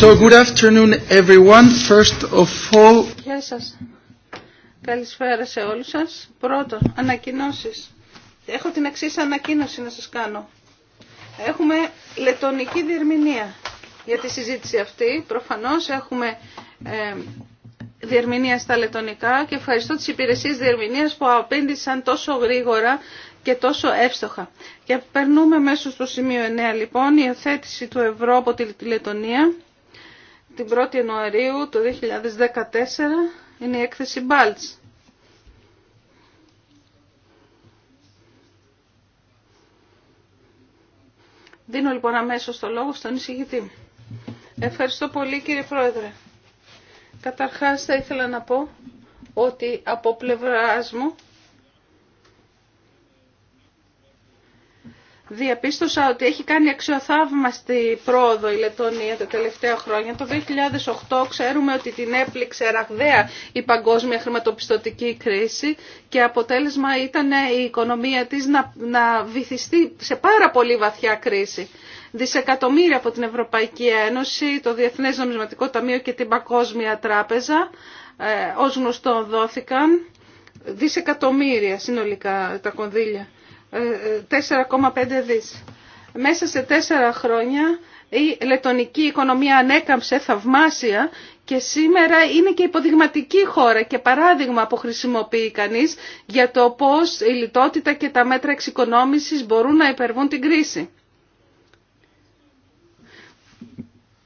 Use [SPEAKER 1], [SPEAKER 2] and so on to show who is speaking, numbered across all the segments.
[SPEAKER 1] So good afternoon everyone. First of all... Γεια Καλησπέρα σε όλους σας. Πρώτο, ανακοινώσεις. Έχω την εξή ανακοίνωση να σας κάνω. Έχουμε λετονική διερμηνία για τη συζήτηση αυτή. Προφανώς έχουμε ε, διερμηνία στα λετονικά και ευχαριστώ τις υπηρεσίες διερμηνίας που απέντησαν τόσο γρήγορα και τόσο εύστοχα. Και περνούμε μέσω στο σημείο 9 λοιπόν, η εθέτηση του ευρώ από τη Λετωνία την 1η Ιανουαρίου του 2014 είναι η έκθεση Μπάλτς. Δίνω λοιπόν αμέσως το λόγο στον εισηγητή. Ευχαριστώ πολύ κύριε Πρόεδρε. Καταρχάς θα ήθελα να πω ότι από πλευράς μου διαπίστωσα ότι έχει κάνει αξιοθαύμαστη πρόοδο η Λετωνία τα τελευταία χρόνια. Το 2008 ξέρουμε ότι την έπληξε ραγδαία η παγκόσμια χρηματοπιστωτική κρίση και αποτέλεσμα ήταν η οικονομία της να, να βυθιστεί σε πάρα πολύ βαθιά κρίση. Δισεκατομμύρια από την Ευρωπαϊκή Ένωση, το Διεθνές Νομισματικό Ταμείο και την Παγκόσμια Τράπεζα ε, ως γνωστό δόθηκαν δισεκατομμύρια συνολικά τα κονδύλια 4,5 δις. Μέσα σε τέσσερα χρόνια η λετονική οικονομία ανέκαμψε θαυμάσια και σήμερα είναι και υποδειγματική χώρα και παράδειγμα που χρησιμοποιεί κανείς για το πώς η λιτότητα και τα μέτρα εξοικονόμησης μπορούν να υπερβούν την κρίση.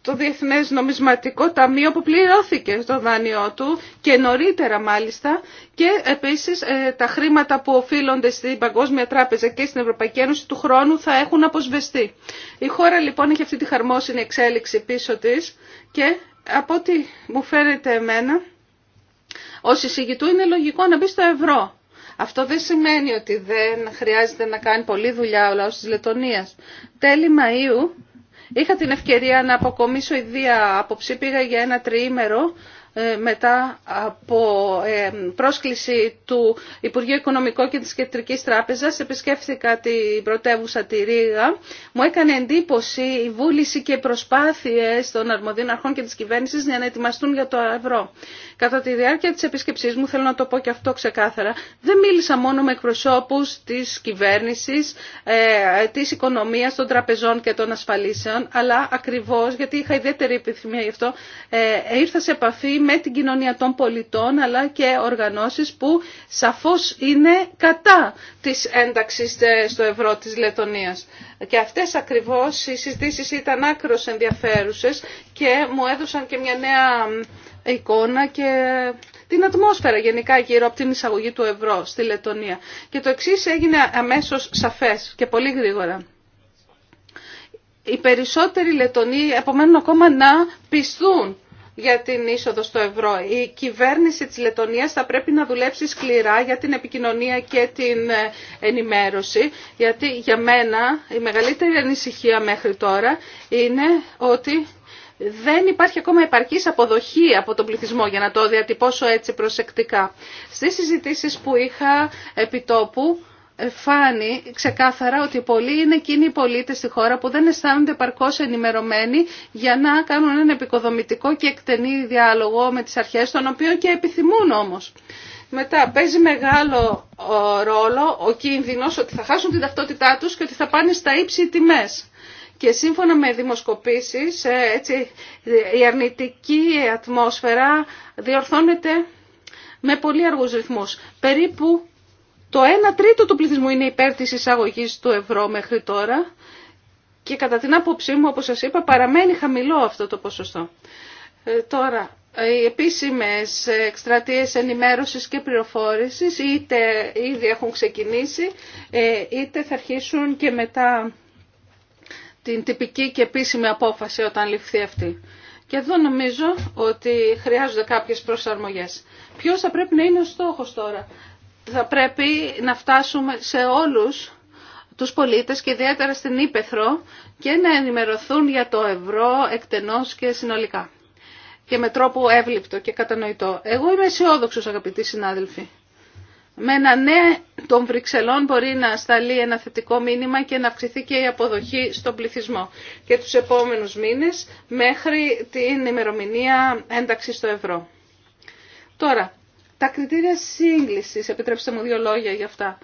[SPEAKER 1] το Διεθνές Νομισματικό Ταμείο που πληρώθηκε στο δάνειό του και νωρίτερα μάλιστα και επίσης ε, τα χρήματα που οφείλονται στην Παγκόσμια Τράπεζα και στην Ευρωπαϊκή Ένωση του χρόνου θα έχουν αποσβεστεί. Η χώρα λοιπόν έχει αυτή τη χαρμόσυνη εξέλιξη πίσω της και από ό,τι μου φαίνεται εμένα ως εισηγητού είναι λογικό να μπει στο ευρώ. Αυτό δεν σημαίνει ότι δεν χρειάζεται να κάνει πολλή δουλειά ο λαός της Λετωνίας. Τέλη Μαΐου Είχα την ευκαιρία να αποκομίσω ιδία άποψη, πήγα για ένα τριήμερο ε, μετά από ε, πρόσκληση του Υπουργείου Οικονομικών και της Κεντρικής Τράπεζας επισκέφθηκα την πρωτεύουσα τη Ρήγα. Μου έκανε εντύπωση η βούληση και οι προσπάθειες των αρμοδίων αρχών και της κυβέρνησης για να ετοιμαστούν για το ευρώ. Κατά τη διάρκεια της επισκεψής μου, θέλω να το πω και αυτό ξεκάθαρα, δεν μίλησα μόνο με εκπροσώπους της κυβέρνησης, ε, της οικονομίας, των τραπεζών και των ασφαλίσεων, αλλά ακριβώς, γιατί είχα ιδιαίτερη επιθυμία γι' αυτό, ήρθα σε επαφή με την κοινωνία των πολιτών αλλά και οργανώσεις που σαφώς είναι κατά της ένταξης ε, στο ευρώ της Λετωνίας. Και αυτές ακριβώς οι συζητήσεις ήταν άκρως ενδιαφέρουσες και μου έδωσαν και μια νέα εικόνα και την ατμόσφαιρα γενικά γύρω από την εισαγωγή του ευρώ στη Λετωνία. Και το εξής έγινε αμέσως σαφές και πολύ γρήγορα. Οι περισσότεροι Λετωνοί απομένουν ακόμα να πιστούν για την είσοδο στο ευρώ. Η κυβέρνηση της Λετωνίας θα πρέπει να δουλέψει σκληρά για την επικοινωνία και την ε, ενημέρωση, γιατί για μένα η μεγαλύτερη ανησυχία μέχρι τώρα είναι ότι δεν υπάρχει ακόμα επαρκής αποδοχή από τον πληθυσμό για να το διατυπώσω έτσι προσεκτικά. Στις συζητήσεις που είχα επιτόπου φάνει ξεκάθαρα ότι πολλοί είναι εκείνοι οι πολίτες στη χώρα που δεν αισθάνονται παρκώς ενημερωμένοι για να κάνουν έναν επικοδομητικό και εκτενή διάλογο με τις αρχές, των οποίων και επιθυμούν όμως. Μετά παίζει μεγάλο ρόλο ο κίνδυνος ότι θα χάσουν την ταυτότητά τους και ότι θα πάνε στα ύψη τιμές. Και σύμφωνα με δημοσκοπήσεις, ε, έτσι, η αρνητική ατμόσφαιρα διορθώνεται με πολύ αργούς ρυθμούς. Περίπου το 1 τρίτο του πληθυσμού είναι υπέρ της εισαγωγής του ευρώ μέχρι τώρα και κατά την άποψή μου, όπως σας είπα, παραμένει χαμηλό αυτό το ποσοστό. Ε, τώρα, ε, οι επίσημες εκστρατείες ενημέρωσης και πληροφόρησης είτε ήδη έχουν ξεκινήσει, ε, είτε θα αρχίσουν και μετά την τυπική και επίσημη απόφαση όταν ληφθεί αυτή. Και εδώ νομίζω ότι χρειάζονται κάποιες προσαρμογές. Ποιος θα πρέπει να είναι ο στόχος τώρα θα πρέπει να φτάσουμε σε όλους τους πολίτες και ιδιαίτερα στην Ήπεθρο και να ενημερωθούν για το ευρώ εκτενώς και συνολικά και με τρόπο εύληπτο και κατανοητό. Εγώ είμαι αισιόδοξο, αγαπητοί συνάδελφοι. Με ένα ναι των Βρυξελών μπορεί να σταλεί ένα θετικό μήνυμα και να αυξηθεί και η αποδοχή στον πληθυσμό και τους επόμενους μήνες μέχρι την ημερομηνία ένταξη στο ευρώ. Τώρα, τα κριτήρια σύγκλησης, επιτρέψτε μου δύο λόγια για αυτά.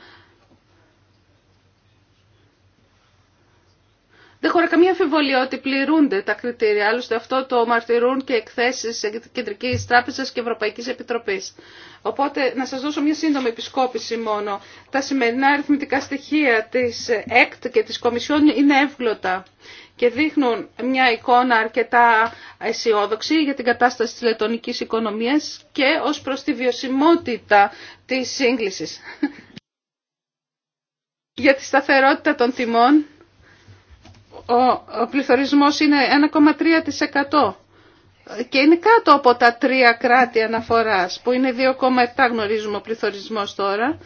[SPEAKER 1] Δεν χωρά καμία αμφιβολία ότι πληρούνται τα κριτήρια. Άλλωστε αυτό το μαρτυρούν και εκθέσεις Κεντρικής Τράπεζας και Ευρωπαϊκής Επιτροπής. Οπότε να σας δώσω μια σύντομη επισκόπηση μόνο. Τα σημερινά αριθμητικά στοιχεία της ΕΚΤ και της Κομισιόν είναι εύγλωτα και δείχνουν μια εικόνα αρκετά αισιόδοξη για την κατάσταση της λετωνικής οικονομίας και ως προς τη βιωσιμότητα της σύγκλησης. για τη σταθερότητα των τιμών, ο πληθωρισμός είναι 1,3% και είναι κάτω από τα τρία κράτη αναφοράς που είναι 2,7 γνωρίζουμε ο πληθωρισμός τώρα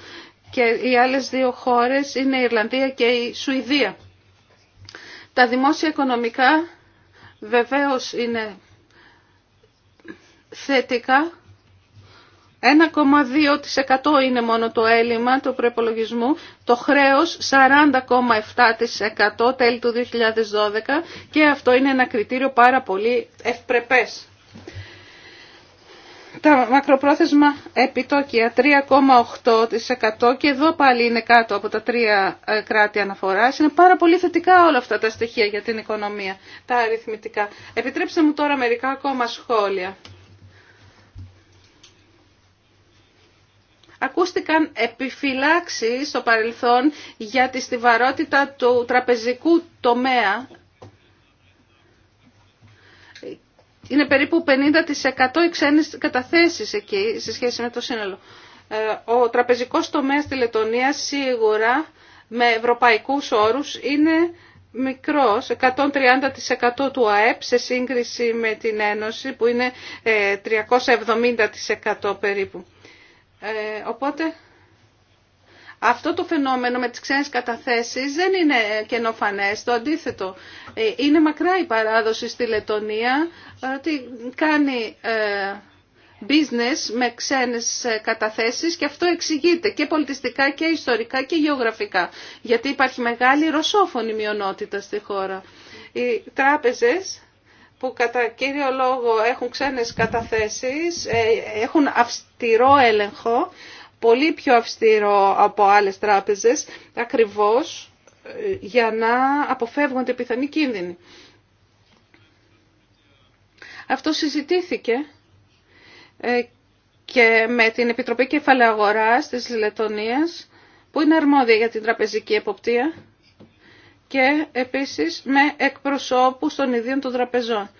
[SPEAKER 1] και οι άλλες δύο χώρες είναι η Ιρλανδία και η Σουηδία. Τα δημόσια οικονομικά βεβαίως είναι θετικά. 1,2% είναι μόνο το έλλειμμα του προπολογισμού, το χρέος 40,7% τέλη του 2012 και αυτό είναι ένα κριτήριο πάρα πολύ ευπρεπές τα μακροπρόθεσμα επιτόκια 3,8% και εδώ πάλι είναι κάτω από τα τρία ε, κράτη αναφοράς. Είναι πάρα πολύ θετικά όλα αυτά τα στοιχεία για την οικονομία, τα αριθμητικά. Επιτρέψτε μου τώρα μερικά ακόμα σχόλια. Ακούστηκαν επιφυλάξεις στο παρελθόν για τη στιβαρότητα του τραπεζικού τομέα είναι περίπου 50% οι ξένες καταθέσεις εκεί σε σχέση με το σύνολο. Ε, ο τραπεζικός τομέας στη Λετωνία σίγουρα με ευρωπαϊκούς όρους είναι μικρός, 130% του ΑΕΠ σε σύγκριση με την Ένωση που είναι 370% ε, περίπου. Ε, οπότε αυτό το φαινόμενο με τις ξένες καταθέσεις δεν είναι καινοφανές, το αντίθετο. Ε, είναι μακρά η παράδοση στη Λετωνία ε, ότι κάνει ε, business με ξένες καταθέσεις και αυτό εξηγείται και πολιτιστικά και ιστορικά και γεωγραφικά. Γιατί υπάρχει μεγάλη ρωσόφωνη μειονότητα στη χώρα. Οι τράπεζες που κατά κύριο λόγο έχουν ξένες καταθέσεις, έχουν αυστηρό έλεγχο πολύ πιο αυστηρό από άλλες τράπεζες, ακριβώς ε, για να αποφεύγονται πιθανοί κίνδυνοι. Αυτό συζητήθηκε ε, και με την Επιτροπή Κεφαλαίου Αγοράς της Λετωνίας, που είναι αρμόδια για την τραπεζική εποπτεία και επίσης με εκπροσώπους των ιδίων των τραπεζών.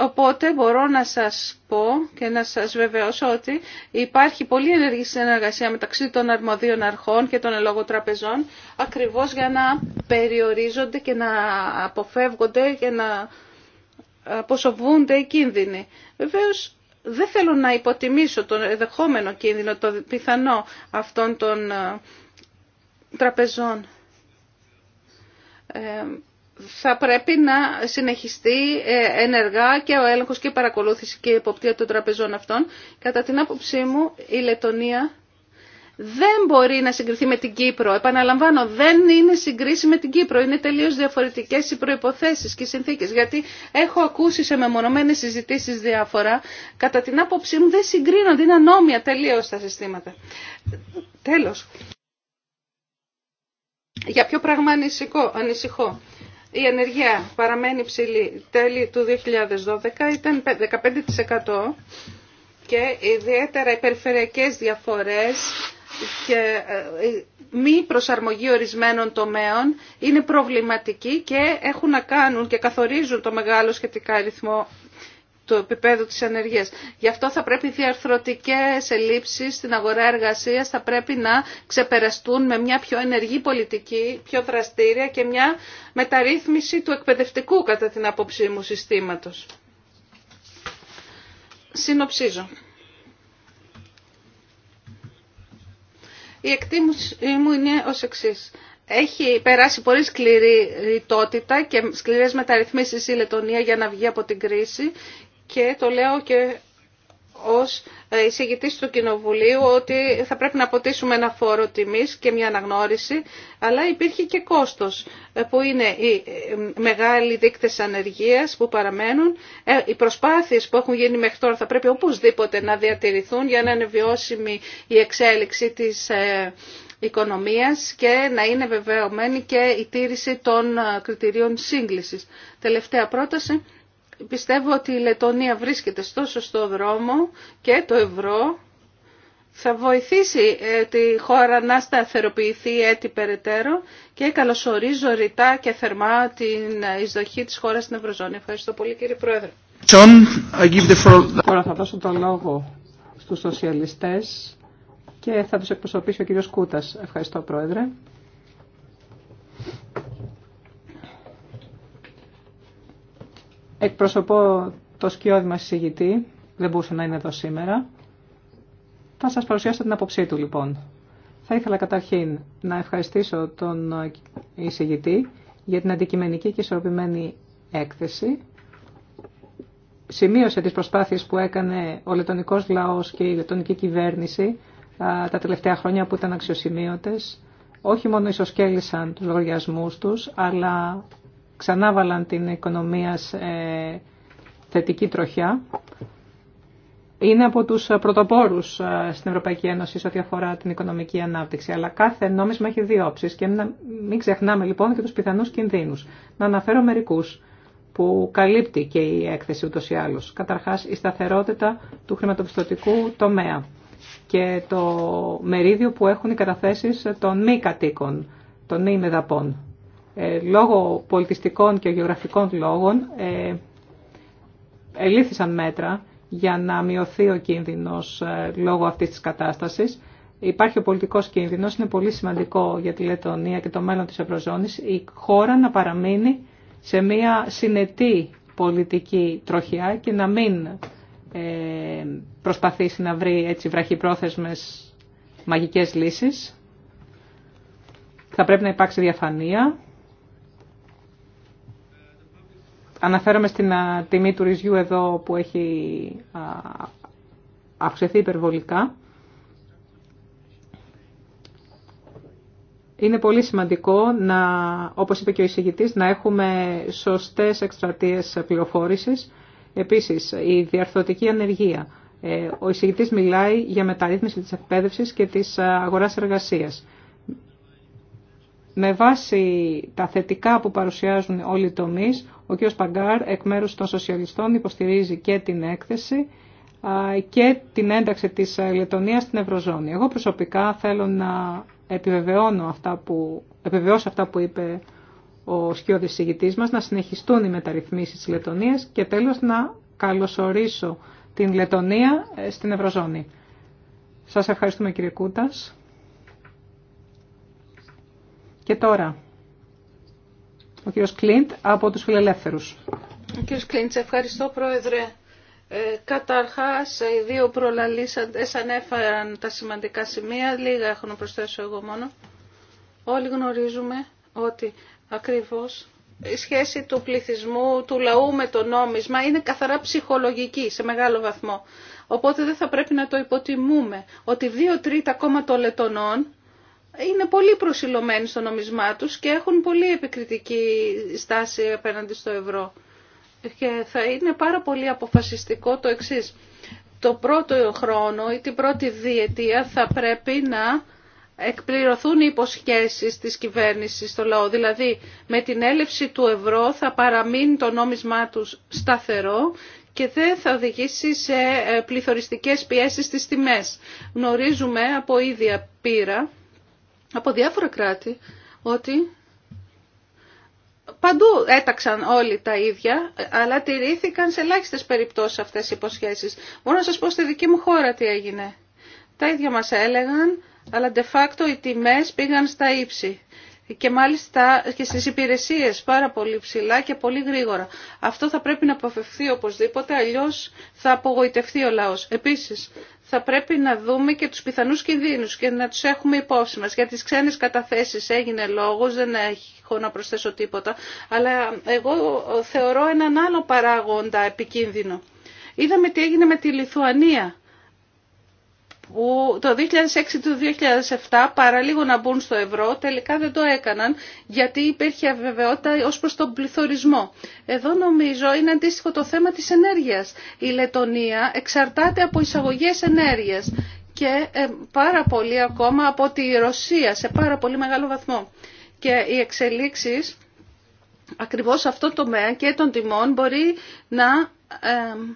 [SPEAKER 1] Οπότε μπορώ να σας πω και να σας βεβαιώσω ότι υπάρχει πολύ ενεργή συνεργασία μεταξύ των αρμοδίων αρχών και των ελόγων τραπεζών ακριβώς για να περιορίζονται και να αποφεύγονται και να αποσοβούνται οι κίνδυνοι. Βεβαίως δεν θέλω να υποτιμήσω τον εδεχόμενο κίνδυνο, το πιθανό αυτών των ε, τραπεζών. Ε, θα πρέπει να συνεχιστεί ε, ενεργά και ο έλεγχος και η παρακολούθηση και η υποπτία των τραπεζών αυτών. Κατά την άποψή μου η Λετωνία δεν μπορεί να συγκριθεί με την Κύπρο. Επαναλαμβάνω, δεν είναι συγκρίση με την Κύπρο. Είναι τελείως διαφορετικές οι προϋποθέσεις και οι συνθήκες. Γιατί έχω ακούσει σε μεμονωμένες συζητήσεις διάφορα. Κατά την άποψή μου δεν συγκρίνονται, είναι ανώμια τελείως τα συστήματα. Τέλος. Για ποιο πράγμα ανησυχώ η ενέργεια παραμένει ψηλή. Τέλη του 2012 ήταν 15% και ιδιαίτερα οι περιφερειακές διαφορές και ε, μη προσαρμογή ορισμένων τομέων είναι προβληματική και έχουν να κάνουν και καθορίζουν το μεγάλο σχετικά αριθμό του επίπεδου της ενεργείας. Γι' αυτό θα πρέπει οι διαρθρωτικές ελλείψεις στην αγορά εργασίας θα πρέπει να ξεπεραστούν με μια πιο ενεργή πολιτική, πιο δραστήρια και μια μεταρρύθμιση του εκπαιδευτικού κατά την άποψή μου συστήματος. Συνοψίζω. Η εκτίμηση μου είναι ω εξής. Έχει περάσει πολύ σκληρή ρητότητα και σκληρές μεταρρυθμίσεις η Λετωνία για να βγει από την κρίση και το λέω και ως εισηγητής του Κοινοβουλίου ότι θα πρέπει να αποτίσουμε ένα φόρο τιμής και μια αναγνώριση, αλλά υπήρχε και κόστος ε, που είναι οι μεγάλοι δείκτες ανεργίας που παραμένουν, ε, οι προσπάθειες που έχουν γίνει μέχρι τώρα θα πρέπει οπωσδήποτε να διατηρηθούν για να είναι βιώσιμη η εξέλιξη της ε, οικονομίας και να είναι βεβαιωμένη και η τήρηση των κριτηρίων σύγκλησης. Τελευταία πρόταση Πιστεύω ότι η Λετωνία βρίσκεται στο σωστό δρόμο και το ευρώ θα βοηθήσει ε, τη χώρα να σταθεροποιηθεί έτσι περαιτέρω και καλωσορίζω ρητά και θερμά την εισδοχή της χώρας στην Ευρωζώνη. Ευχαριστώ πολύ κύριε Πρόεδρε.
[SPEAKER 2] John,
[SPEAKER 3] the Τώρα θα δώσω το λόγο στους σοσιαλιστές και θα τους εκπροσωπήσει ο κύριος Κούτας. Ευχαριστώ Πρόεδρε. Εκπροσωπώ το σκιώδη μας συγητή, δεν μπορούσε να είναι εδώ σήμερα. Θα σας παρουσιάσω την αποψή του λοιπόν. Θα ήθελα καταρχήν να ευχαριστήσω τον εισηγητή για την αντικειμενική και ισορροπημένη έκθεση. Σημείωσε τις προσπάθειες που έκανε ο λετωνικός λαός και η λετωνική κυβέρνηση τα τελευταία χρόνια που ήταν αξιοσημείωτες. Όχι μόνο ισοσκέλισαν τους λογαριασμούς τους, αλλά ξανά βάλαν την οικονομία σε θετική τροχιά. Είναι από τους πρωτοπόρους ε, στην Ευρωπαϊκή Ένωση σε ό,τι αφορά την οικονομική ανάπτυξη. Αλλά κάθε νόμισμα έχει δύο όψεις και μην ξεχνάμε λοιπόν και τους πιθανούς κινδύνους. Να αναφέρω μερικούς που καλύπτει και η έκθεση ούτως ή άλλως. Καταρχάς η σταθερότητα του χρηματοπιστωτικού τομέα και το μερίδιο που έχουν οι καταθέσεις των μη κατοίκων, των μη μεδαπών. Ε, λόγω πολιτιστικών και γεωγραφικών λόγων ε, ελήφθησαν μέτρα για να μειωθεί ο κίνδυνος ε, λόγω αυτής της κατάστασης. Υπάρχει ο πολιτικός κίνδυνος, είναι πολύ σημαντικό για τη Λετωνία και το μέλλον της Ευρωζώνης η χώρα να παραμείνει σε μια συνετή πολιτική τροχιά και να μην προσπαθήσει να βρει έτσι βραχυπρόθεσμες μαγικές λύσεις. Θα πρέπει να υπάρξει διαφανεία Αναφέρομαι στην τιμή του ρυζιού εδώ που έχει αυξηθεί υπερβολικά. Είναι πολύ σημαντικό, να, όπως είπε και ο εισηγητής, να έχουμε σωστές εκστρατείες πληροφόρησης. Επίσης, η διαρθρωτική ανεργία. Ε, ο εισηγητής μιλάει για μεταρρύθμιση της εκπαίδευση και της αγοράς εργασίας. Με βάση τα θετικά που παρουσιάζουν όλοι οι τομείς, ο κ. Παγκάρ εκ μέρους των σοσιαλιστών υποστηρίζει και την έκθεση και την ένταξη της Λετωνίας στην Ευρωζώνη. Εγώ προσωπικά θέλω να επιβεβαιώνω αυτά που, επιβεβαιώσω αυτά που είπε ο σκιώδης συγητής μας, να συνεχιστούν οι μεταρρυθμίσεις της Λετωνίας και τέλος να καλωσορίσω την Λετωνία ε, στην Ευρωζώνη. Σας ευχαριστούμε κύριε Κούτας. Και τώρα ο κύριος Κλίντ από τους φιλελεύθερους.
[SPEAKER 1] Ο κύριος Κλίντ, ευχαριστώ πρόεδρε. Ε, καταρχάς, οι δύο προλαλήσαντες ανέφεραν τα σημαντικά σημεία. Λίγα έχω να προσθέσω εγώ μόνο. Όλοι γνωρίζουμε ότι ακριβώς η σχέση του πληθυσμού, του λαού με το νόμισμα είναι καθαρά ψυχολογική σε μεγάλο βαθμό. Οπότε δεν θα πρέπει να το υποτιμούμε ότι δύο τρίτα ακόμα των λετωνών είναι πολύ προσιλωμένοι στο νομισμά τους και έχουν πολύ επικριτική στάση απέναντι στο ευρώ. Και θα είναι πάρα πολύ αποφασιστικό το εξής. Το πρώτο χρόνο ή την πρώτη διετία θα πρέπει να εκπληρωθούν οι υποσχέσεις της κυβέρνησης στο λαό. Δηλαδή με την έλευση του ευρώ θα παραμείνει το νόμισμά τους σταθερό και δεν θα οδηγήσει σε ε, πληθωριστικές πιέσεις στις τιμές. Γνωρίζουμε από ίδια πείρα από διάφορα κράτη ότι παντού έταξαν όλοι τα ίδια, αλλά τηρήθηκαν σε ελάχιστε περιπτώσεις αυτές οι υποσχέσει. Μπορώ να σας πω στη δική μου χώρα τι έγινε. Τα ίδια μας έλεγαν, αλλά de facto οι τιμέ πήγαν στα ύψη και μάλιστα και στις υπηρεσίες πάρα πολύ ψηλά και πολύ γρήγορα. Αυτό θα πρέπει να αποφευθεί οπωσδήποτε, αλλιώς θα απογοητευτεί ο λαός. Επίσης, θα πρέπει να δούμε και τους πιθανούς κινδύνους και να τους έχουμε υπόψη μας. Για τις ξένες καταθέσεις έγινε λόγος, δεν έχω να προσθέσω τίποτα, αλλά εγώ θεωρώ έναν άλλο παράγοντα επικίνδυνο. Είδαμε τι έγινε με τη Λιθουανία που το 2006 του 2007 παρά λίγο να μπουν στο ευρώ τελικά δεν το έκαναν γιατί υπήρχε αβεβαιότητα ως προς τον πληθωρισμό. Εδώ νομίζω είναι αντίστοιχο το θέμα της ενέργειας. Η Λετωνία εξαρτάται από εισαγωγές ενέργειας και ε, πάρα πολύ ακόμα από τη Ρωσία σε πάρα πολύ μεγάλο βαθμό. Και οι εξελίξεις ακριβώς αυτό το τομέα και των τιμών μπορεί να ε,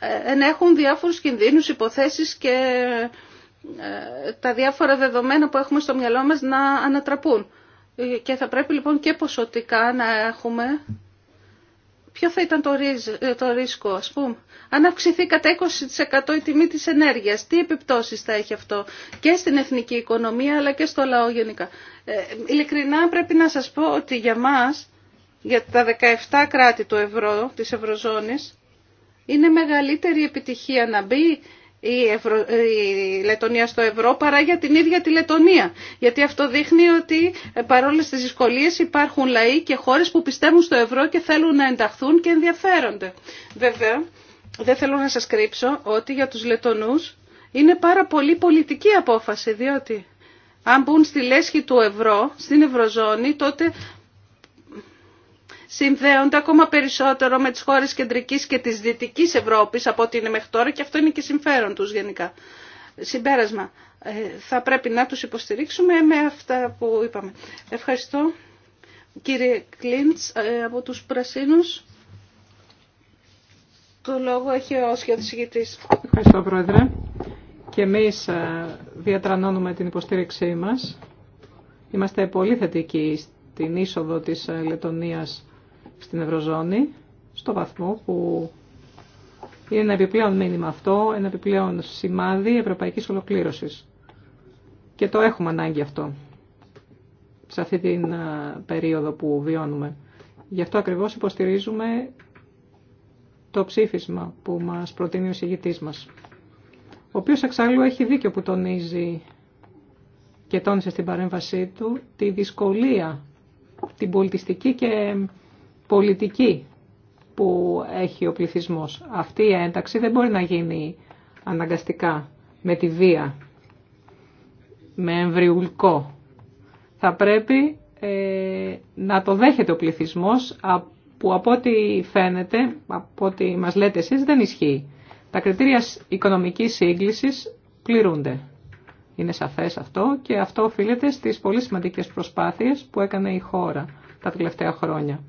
[SPEAKER 1] ενέχουν διάφορους κινδύνους, υποθέσεις και ε, τα διάφορα δεδομένα που έχουμε στο μυαλό μας να ανατραπούν. Και θα πρέπει λοιπόν και ποσοτικά να έχουμε... Ποιο θα ήταν το ε, ρίσκο, ας πούμε. Αν αυξηθεί κατά 20% η τιμή της ενέργειας, τι επιπτώσεις θα έχει αυτό και στην εθνική οικονομία αλλά και στο λαό γενικά. Ε, ειλικρινά πρέπει να σας πω ότι για μας, για τα 17 κράτη του ευρώ, της Ευρωζώνης, είναι μεγαλύτερη επιτυχία να μπει η, Ευρω... Λετωνία στο ευρώ παρά για την ίδια τη Λετωνία. Γιατί αυτό δείχνει ότι ε, παρόλε τι δυσκολίε υπάρχουν λαοί και χώρες που πιστεύουν στο ευρώ και θέλουν να ενταχθούν και ενδιαφέρονται. Βέβαια, δεν θέλω να σα κρύψω ότι για τους Λετωνούς είναι πάρα πολύ πολιτική απόφαση, διότι αν μπουν στη λέσχη του ευρώ, στην ευρωζώνη, τότε συνδέονται ακόμα περισσότερο με τις χώρες κεντρικής και της δυτικής Ευρώπης από ό,τι είναι μέχρι τώρα και αυτό είναι και συμφέρον τους γενικά. Συμπέρασμα, ε, θα πρέπει να τους υποστηρίξουμε με αυτά που είπαμε. Ευχαριστώ κύριε Κλίντς ε, από τους Πρασίνους. Το λόγο έχει ο σχεδοσηγητής.
[SPEAKER 3] Ευχαριστώ Πρόεδρε. Και εμείς ε, διατρανώνουμε την υποστήριξή μας. Είμαστε πολύ θετικοί στην είσοδο της Λετωνίας στην Ευρωζώνη στο βαθμό που είναι ένα επιπλέον μήνυμα αυτό, ένα επιπλέον σημάδι ευρωπαϊκής ολοκλήρωσης. Και το έχουμε ανάγκη αυτό σε αυτή την ε, περίοδο που βιώνουμε. Γι' αυτό ακριβώς υποστηρίζουμε το ψήφισμα που μας προτείνει ο συγητής μας, ο οποίος εξάλλου έχει δίκιο που τονίζει και τόνισε στην παρέμβασή του τη δυσκολία, την πολιτιστική και πολιτική που έχει ο πληθυσμός. Αυτή η ένταξη δεν μπορεί να γίνει αναγκαστικά με τη βία, με εμβριουλκό. Θα πρέπει ε, να το δέχεται ο πληθυσμός που από ό,τι φαίνεται, από ό,τι μας λέτε εσείς δεν ισχύει. Τα κριτήρια οικονομικής σύγκλησης πληρούνται. Είναι σαφές αυτό και αυτό οφείλεται στις πολύ σημαντικές προσπάθειες που έκανε η χώρα τα τελευταία χρόνια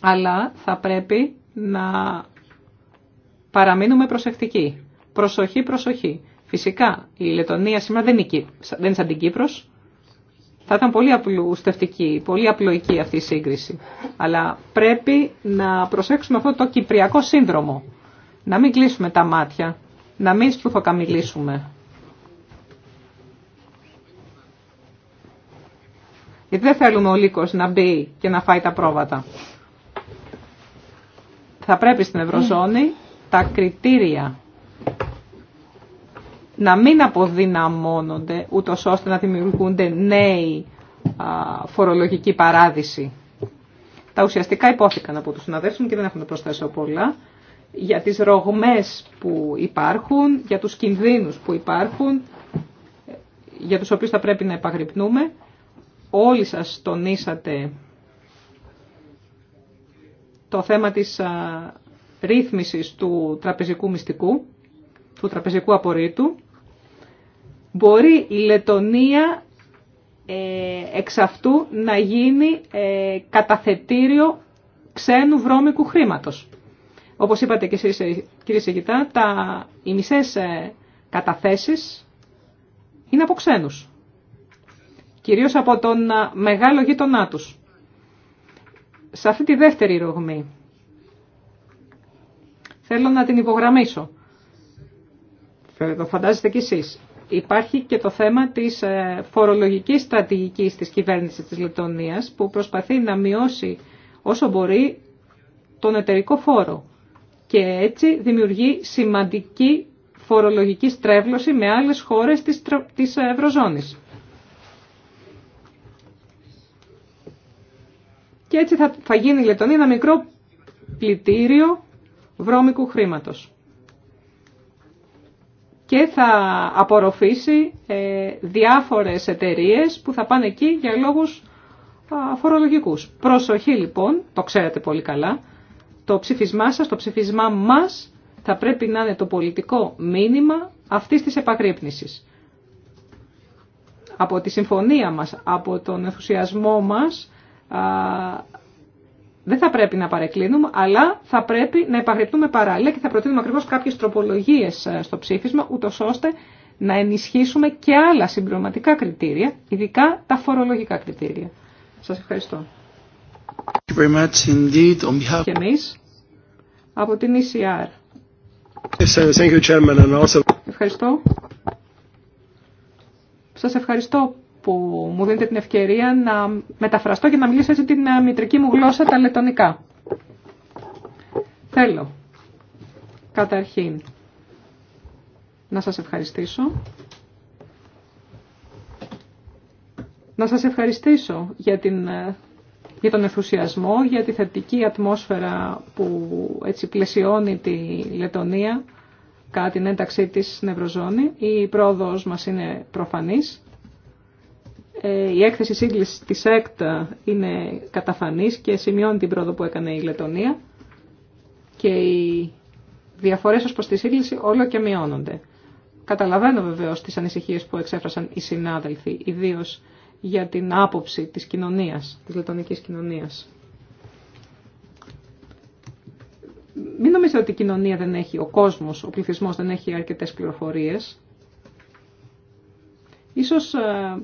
[SPEAKER 3] αλλά θα πρέπει να παραμείνουμε προσεκτικοί. Προσοχή, προσοχή. Φυσικά, η Λετωνία σήμερα δεν είναι, σαν την Κύπρος. Θα ήταν πολύ απλουστευτική, πολύ απλοϊκή αυτή η σύγκριση. Αλλά πρέπει να προσέξουμε αυτό το κυπριακό σύνδρομο. Να μην κλείσουμε τα μάτια, να μην στρουθοκαμιλήσουμε. Γιατί δεν θέλουμε ο λύκος να μπει και να φάει τα πρόβατα θα πρέπει στην Ευρωζώνη τα κριτήρια να μην αποδυναμώνονται ούτω ώστε να δημιουργούνται νέοι φορολογική παράδεισοι. Τα ουσιαστικά υπόθηκαν από τους συναδέλφους μου και δεν έχουν προσθέσω πολλά για τις ρογμές που υπάρχουν, για τους κινδύνους που υπάρχουν, για τους οποίους θα πρέπει να επαγρυπνούμε. Όλοι σας τονίσατε το θέμα της ρύθμισης του τραπεζικού μυστικού, του τραπεζικού απορρίτου, μπορεί η Λετωνία ε, εξ αυτού να γίνει ε, καταθετήριο ξένου βρώμικου χρήματος. Όπως είπατε και εσείς ε, κύριε Σεγητά, τα, οι μισές καταθέσεις είναι από ξένους. Κυρίως από τον μεγάλο γείτονά τους σε αυτή τη δεύτερη ρογμή. Θέλω να την υπογραμμίσω. Το φαντάζεστε κι εσείς. Υπάρχει και το θέμα της ε, φορολογικής στρατηγικής της κυβέρνησης της Λετωνίας που προσπαθεί να μειώσει όσο μπορεί τον εταιρικό φόρο και έτσι δημιουργεί σημαντική φορολογική στρέβλωση με άλλες χώρες της Ευρωζώνης. Και έτσι θα, γίνει η Λετωνία ένα μικρό πλητήριο βρώμικου χρήματος. Και θα απορροφήσει ε, διάφορες εταιρείες που θα πάνε εκεί για λόγους α, φορολογικούς. Προσοχή λοιπόν, το ξέρετε πολύ καλά, το ψηφισμά σας, το ψηφισμά μας θα πρέπει να είναι το πολιτικό μήνυμα αυτής της επαγρύπνησης. Από τη συμφωνία μας, από τον ενθουσιασμό μας δεν θα πρέπει να παρεκκλίνουμε, αλλά θα πρέπει να επαγρυπτούμε παράλληλα και θα προτείνουμε ακριβώς κάποιες τροπολογίες ε, στο ψήφισμα, ούτω ώστε να ενισχύσουμε και άλλα συμπληρωματικά κριτήρια, ειδικά τα φορολογικά κριτήρια. Σας ευχαριστώ. Very indeed. On behalf... Και εμείς από την ECR.
[SPEAKER 1] thank you, chairman,
[SPEAKER 3] Ευχαριστώ. Σας ευχαριστώ που μου δίνετε την ευκαιρία να μεταφραστώ και να μιλήσω έτσι την ε, μητρική μου γλώσσα, τα λετωνικά. Θέλω, καταρχήν, να σας ευχαριστήσω. Να σας ευχαριστήσω για, την, ε, για τον ενθουσιασμό, για τη θετική ατμόσφαιρα που έτσι πλαισιώνει τη Λετωνία κατά την ένταξή της στην Ευρωζώνη. Η πρόοδος μας είναι προφανής. Ε, η έκθεση σύγκληση της ΕΚΤ είναι καταφανής και σημειώνει την πρόοδο που έκανε η Λετωνία και οι διαφορές ως προς τη σύγκληση όλο και μειώνονται. Καταλαβαίνω βεβαίω τις ανησυχίες που εξέφρασαν οι συνάδελφοι, ιδίως για την άποψη της κοινωνίας, της λετωνικής κοινωνίας. Μην νομίζετε ότι η κοινωνία δεν έχει, ο κόσμος, ο πληθυσμός δεν έχει αρκετές πληροφορίες. Ίσως ε,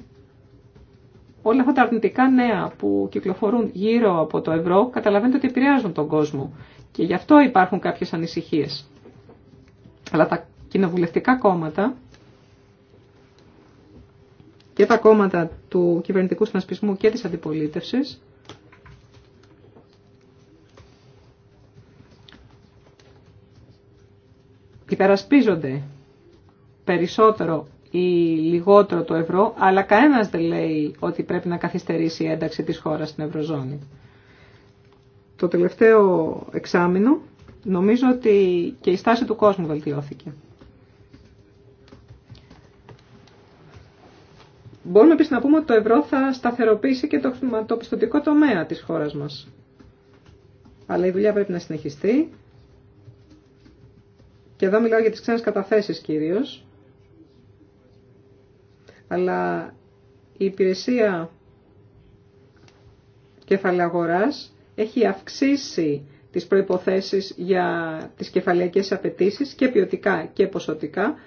[SPEAKER 3] όλα αυτά τα αρνητικά νέα που κυκλοφορούν γύρω από το ευρώ καταλαβαίνετε ότι επηρεάζουν τον κόσμο και γι' αυτό υπάρχουν κάποιες ανησυχίες. Αλλά τα κοινοβουλευτικά κόμματα και τα κόμματα του κυβερνητικού συνασπισμού και της αντιπολίτευσης υπερασπίζονται περισσότερο ή λιγότερο το ευρώ, αλλά κανένας δεν λέει ότι πρέπει να καθυστερήσει η ένταξη της χώρας στην Ευρωζώνη. Το τελευταίο εξάμεινο νομίζω ότι και η στάση του κόσμου βελτιώθηκε. Μπορούμε επίσης να πούμε ότι το ευρώ θα σταθεροποιήσει και το χρηματοπιστωτικό τομέα της χώρας μας. Αλλά η δουλειά πρέπει να συνεχιστεί. Και εδώ μιλάω για τις ξένες καταθέσεις κυρίως αλλά η υπηρεσία κεφαλαγοράς έχει αυξήσει τις προϋποθέσεις για τις κεφαλιακές απαιτήσεις και ποιοτικά και ποσοτικά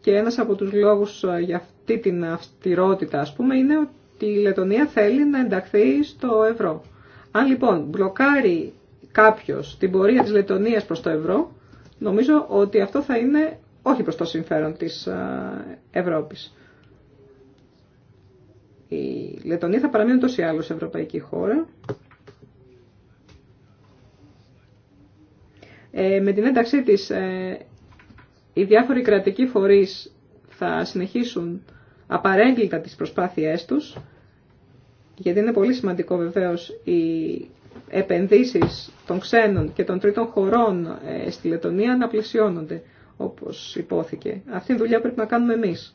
[SPEAKER 3] και ένας από τους λόγους ε, για αυτή την αυστηρότητα ας πούμε είναι ότι η Λετωνία θέλει να ενταχθεί στο ευρώ. Αν λοιπόν μπλοκάρει κάποιος την πορεία της Λετωνίας προς το ευρώ νομίζω ότι αυτό θα είναι όχι προς το συμφέρον της ε, Ευρώπης. Η Λετωνία θα παραμείνει τόσο ή ευρωπαϊκή χώρα. Ε, με την ένταξή της, ε, οι διάφοροι κρατικοί φορείς θα συνεχίσουν απαρέγκλιτα τις προσπάθειές τους, γιατί είναι πολύ σημαντικό βεβαίως οι επενδύσεις των ξένων και των τρίτων χωρών ε, στη Λετωνία να πλησιώνονται, όπως υπόθηκε. Αυτή η δουλειά πρέπει να κάνουμε εμείς.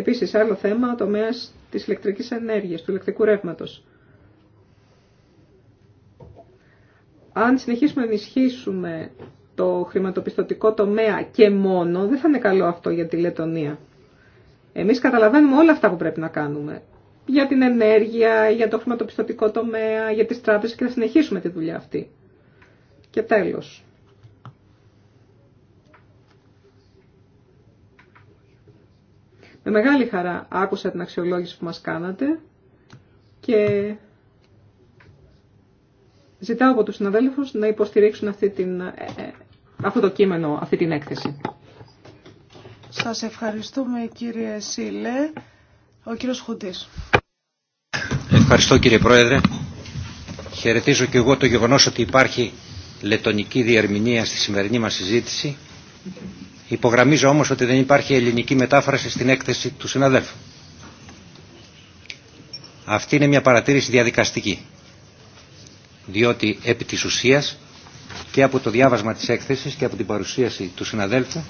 [SPEAKER 3] Επίση, άλλο θέμα, ο τομέα της ηλεκτρικής ενέργειας, του ηλεκτρικού ρεύματος. Αν συνεχίσουμε να ενισχύσουμε το χρηματοπιστωτικό τομέα και μόνο, δεν θα είναι καλό αυτό για τη Λετωνία. Εμείς καταλαβαίνουμε όλα αυτά που πρέπει να κάνουμε. Για την ενέργεια, για το χρηματοπιστωτικό τομέα, για τις τράπεζες και θα συνεχίσουμε τη δουλειά αυτή. Και τέλος. Με μεγάλη χαρά άκουσα την αξιολόγηση που μας κάνατε και ζητάω από τους συναδέλφους να υποστηρίξουν αυτή την, ε, ε, αυτό το κείμενο, αυτή την έκθεση.
[SPEAKER 4] Σας ευχαριστούμε κύριε Σίλε. Ο κύριος Χουντής.
[SPEAKER 2] Ευχαριστώ κύριε Πρόεδρε. Χαιρετίζω και εγώ το γεγονός ότι υπάρχει λετονική διερμηνία στη σημερινή μας συζήτηση Υπογραμμίζω όμως ότι δεν υπάρχει ελληνική μετάφραση στην έκθεση του συναδέλφου. Αυτή είναι μια παρατήρηση διαδικαστική. Διότι επί της ουσίας και από το διάβασμα της έκθεσης και από την παρουσίαση του συναδέλφου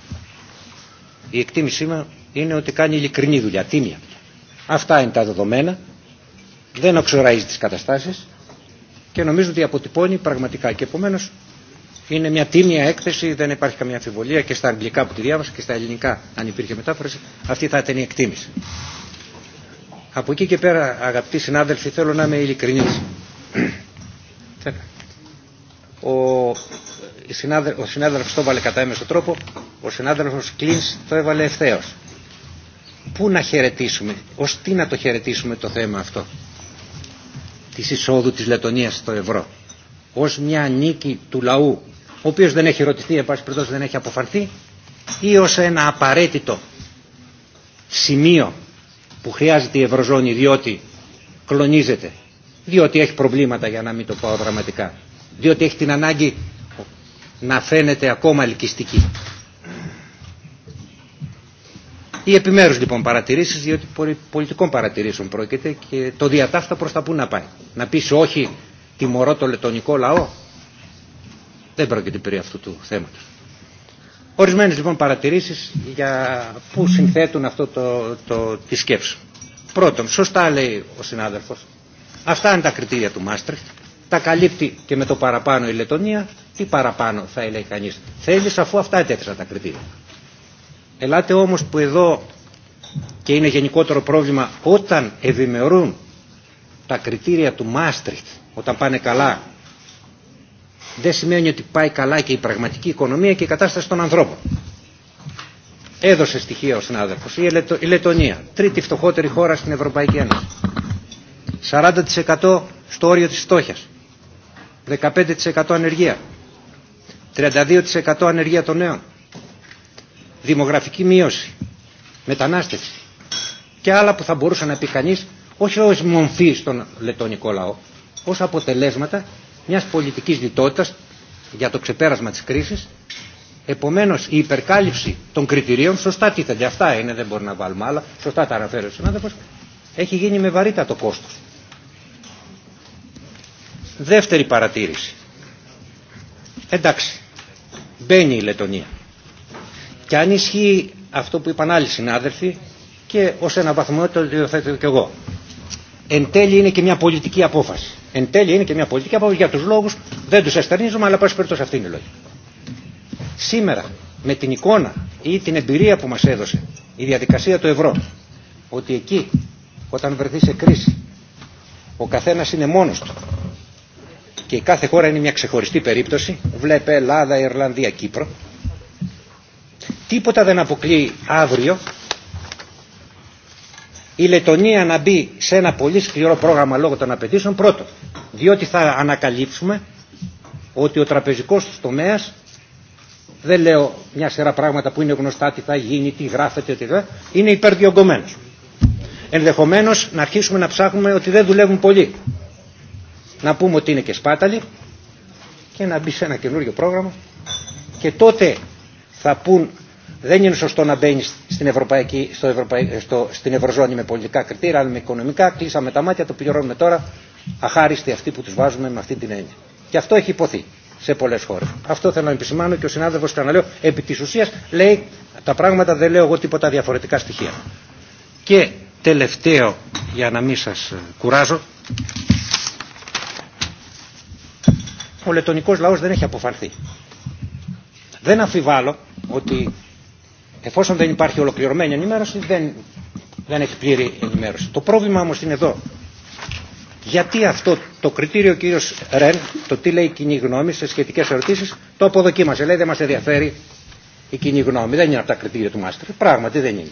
[SPEAKER 2] η εκτίμησή μου είναι ότι κάνει ειλικρινή δουλειά, τίμια. Αυτά είναι τα δεδομένα, δεν οξοραίζει τις καταστάσεις και νομίζω ότι αποτυπώνει πραγματικά και επομένως είναι μια τίμια έκθεση, δεν υπάρχει καμία αμφιβολία και στα αγγλικά που τη διάβασα και στα ελληνικά, αν υπήρχε μετάφραση, αυτή θα ήταν η εκτίμηση. Από εκεί και πέρα, αγαπητοί συνάδελφοι, θέλω να είμαι ειλικρινή. Ο, ο συνάδελφος το έβαλε κατά έμεσο τρόπο, ο συνάδελφο Κλίνς το έβαλε ευθέω. Πού να χαιρετήσουμε, ω τι να το χαιρετήσουμε το θέμα αυτό τη εισόδου τη Λετωνία στο ευρώ. ω μια νίκη του λαού ο οποίο δεν έχει ρωτηθεί, εν πάση περιπτώσει δεν έχει αποφανθεί, ή ως ένα απαραίτητο σημείο που χρειάζεται η ω ενα απαραιτητο διότι κλονίζεται, διότι έχει προβλήματα για να μην το πω δραματικά, διότι έχει την ανάγκη να φαίνεται ακόμα ελκυστική. Ή επιμέρους λοιπόν παρατηρήσεις, διότι πολιτικών παρατηρήσεων πρόκειται και το διατάφτα προς τα πού να πάει. Να πεις όχι τιμωρώ το λετωνικό λαό, δεν πρόκειται περί αυτού του θέματος. Ορισμένες λοιπόν παρατηρήσεις για πού συνθέτουν αυτό το, το, τη σκέψη. Πρώτον, σωστά λέει ο συνάδελφος, αυτά είναι τα κριτήρια του μάστρη. τα καλύπτει και με το παραπάνω η Λετωνία, τι παραπάνω θα έλεγε κανείς. Θέλεις αφού αυτά έτρεψαν τα κριτήρια. Ελάτε όμως που εδώ και είναι γενικότερο πρόβλημα όταν ευημερούν τα κριτήρια του Μάστριχτ, όταν πάνε καλά δεν σημαίνει ότι πάει καλά και η πραγματική οικονομία και η κατάσταση των ανθρώπων. Έδωσε στοιχεία ο συνάδελφο. Η Λετωνία, τρίτη φτωχότερη χώρα στην Ευρωπαϊκή Ένωση. 40% στο όριο τη φτώχεια. 15% ανεργία. 32% ανεργία των νέων. Δημογραφική μείωση. Μετανάστευση. Και άλλα που θα μπορούσε να πει κανεί, όχι ω μορφή στον λετωνικό λαό, ω αποτελέσματα μιας πολιτικής λιτότητας για το ξεπέρασμα της κρίσης. Επομένως η υπερκάλυψη των κριτηρίων, σωστά τίθενται αυτά είναι, δεν μπορεί να βάλουμε άλλα, σωστά τα αναφέρει ο συνάδελφος, έχει γίνει με το κόστος. Δεύτερη παρατήρηση. Εντάξει, μπαίνει η Λετωνία. Και αν ισχύει αυτό που είπαν άλλοι συνάδελφοι και ως ένα βαθμό το διοθέτω και εγώ. Εν τέλει είναι και μια πολιτική απόφαση εν τέλει είναι και μια πολιτική απόφαση για του λόγους δεν τους εστερνίζουμε, αλλά πάση περιπτώσει αυτή είναι η λόγη. Σήμερα με την εικόνα ή την εμπειρία που μας έδωσε η διαδικασία του ευρώ ότι εκεί όταν βρεθεί σε κρίση ο καθένας είναι μόνος του και η κάθε χώρα είναι μια ξεχωριστή περίπτωση βλέπε Ελλάδα, Ιρλανδία, Κύπρο τίποτα δεν αποκλείει αύριο η Λετωνία να μπει σε ένα πολύ σκληρό πρόγραμμα λόγω των απαιτήσεων πρώτο, διότι θα ανακαλύψουμε ότι ο τραπεζικός του τομέας δεν λέω μια σειρά πράγματα που είναι γνωστά τι θα γίνει, τι γράφεται, τι δεν, είναι υπερδιογκωμένος. Ενδεχομένως να αρχίσουμε να ψάχνουμε ότι δεν δουλεύουν πολύ. Να πούμε ότι είναι και σπάταλοι και να μπει σε ένα καινούριο πρόγραμμα και τότε θα πούν δεν είναι σωστό να μπαίνει στην, Ευρωπαϊκή, στο στην Ευρωζώνη με πολιτικά κριτήρια, αλλά με οικονομικά. Κλείσαμε τα μάτια, το πληρώνουμε τώρα. Αχάριστοι αυτοί που του βάζουμε με αυτή την έννοια. Και αυτό έχει υποθεί σε πολλέ χώρε. Αυτό θέλω να επισημάνω και ο συνάδελφο, ξαναλέω, επί τη ουσία λέει τα πράγματα, δεν λέω εγώ τίποτα διαφορετικά στοιχεία. Και τελευταίο, για να μην σα ε, κουράζω, ο λετονικός λαός δεν έχει αποφανθεί. Δεν αμφιβάλλω ότι Εφόσον δεν υπάρχει ολοκληρωμένη ενημέρωση, δεν, δεν έχει πλήρη ενημέρωση. Το πρόβλημα όμως είναι εδώ. Γιατί αυτό το κριτήριο, κύριο Ρεν, το τι λέει η κοινή γνώμη σε σχετικέ ερωτήσει, το αποδοκίμασε. Λέει δεν μα ενδιαφέρει η κοινή γνώμη. Δεν είναι από τα κριτήρια του Μάστερ. Πράγματι δεν είναι.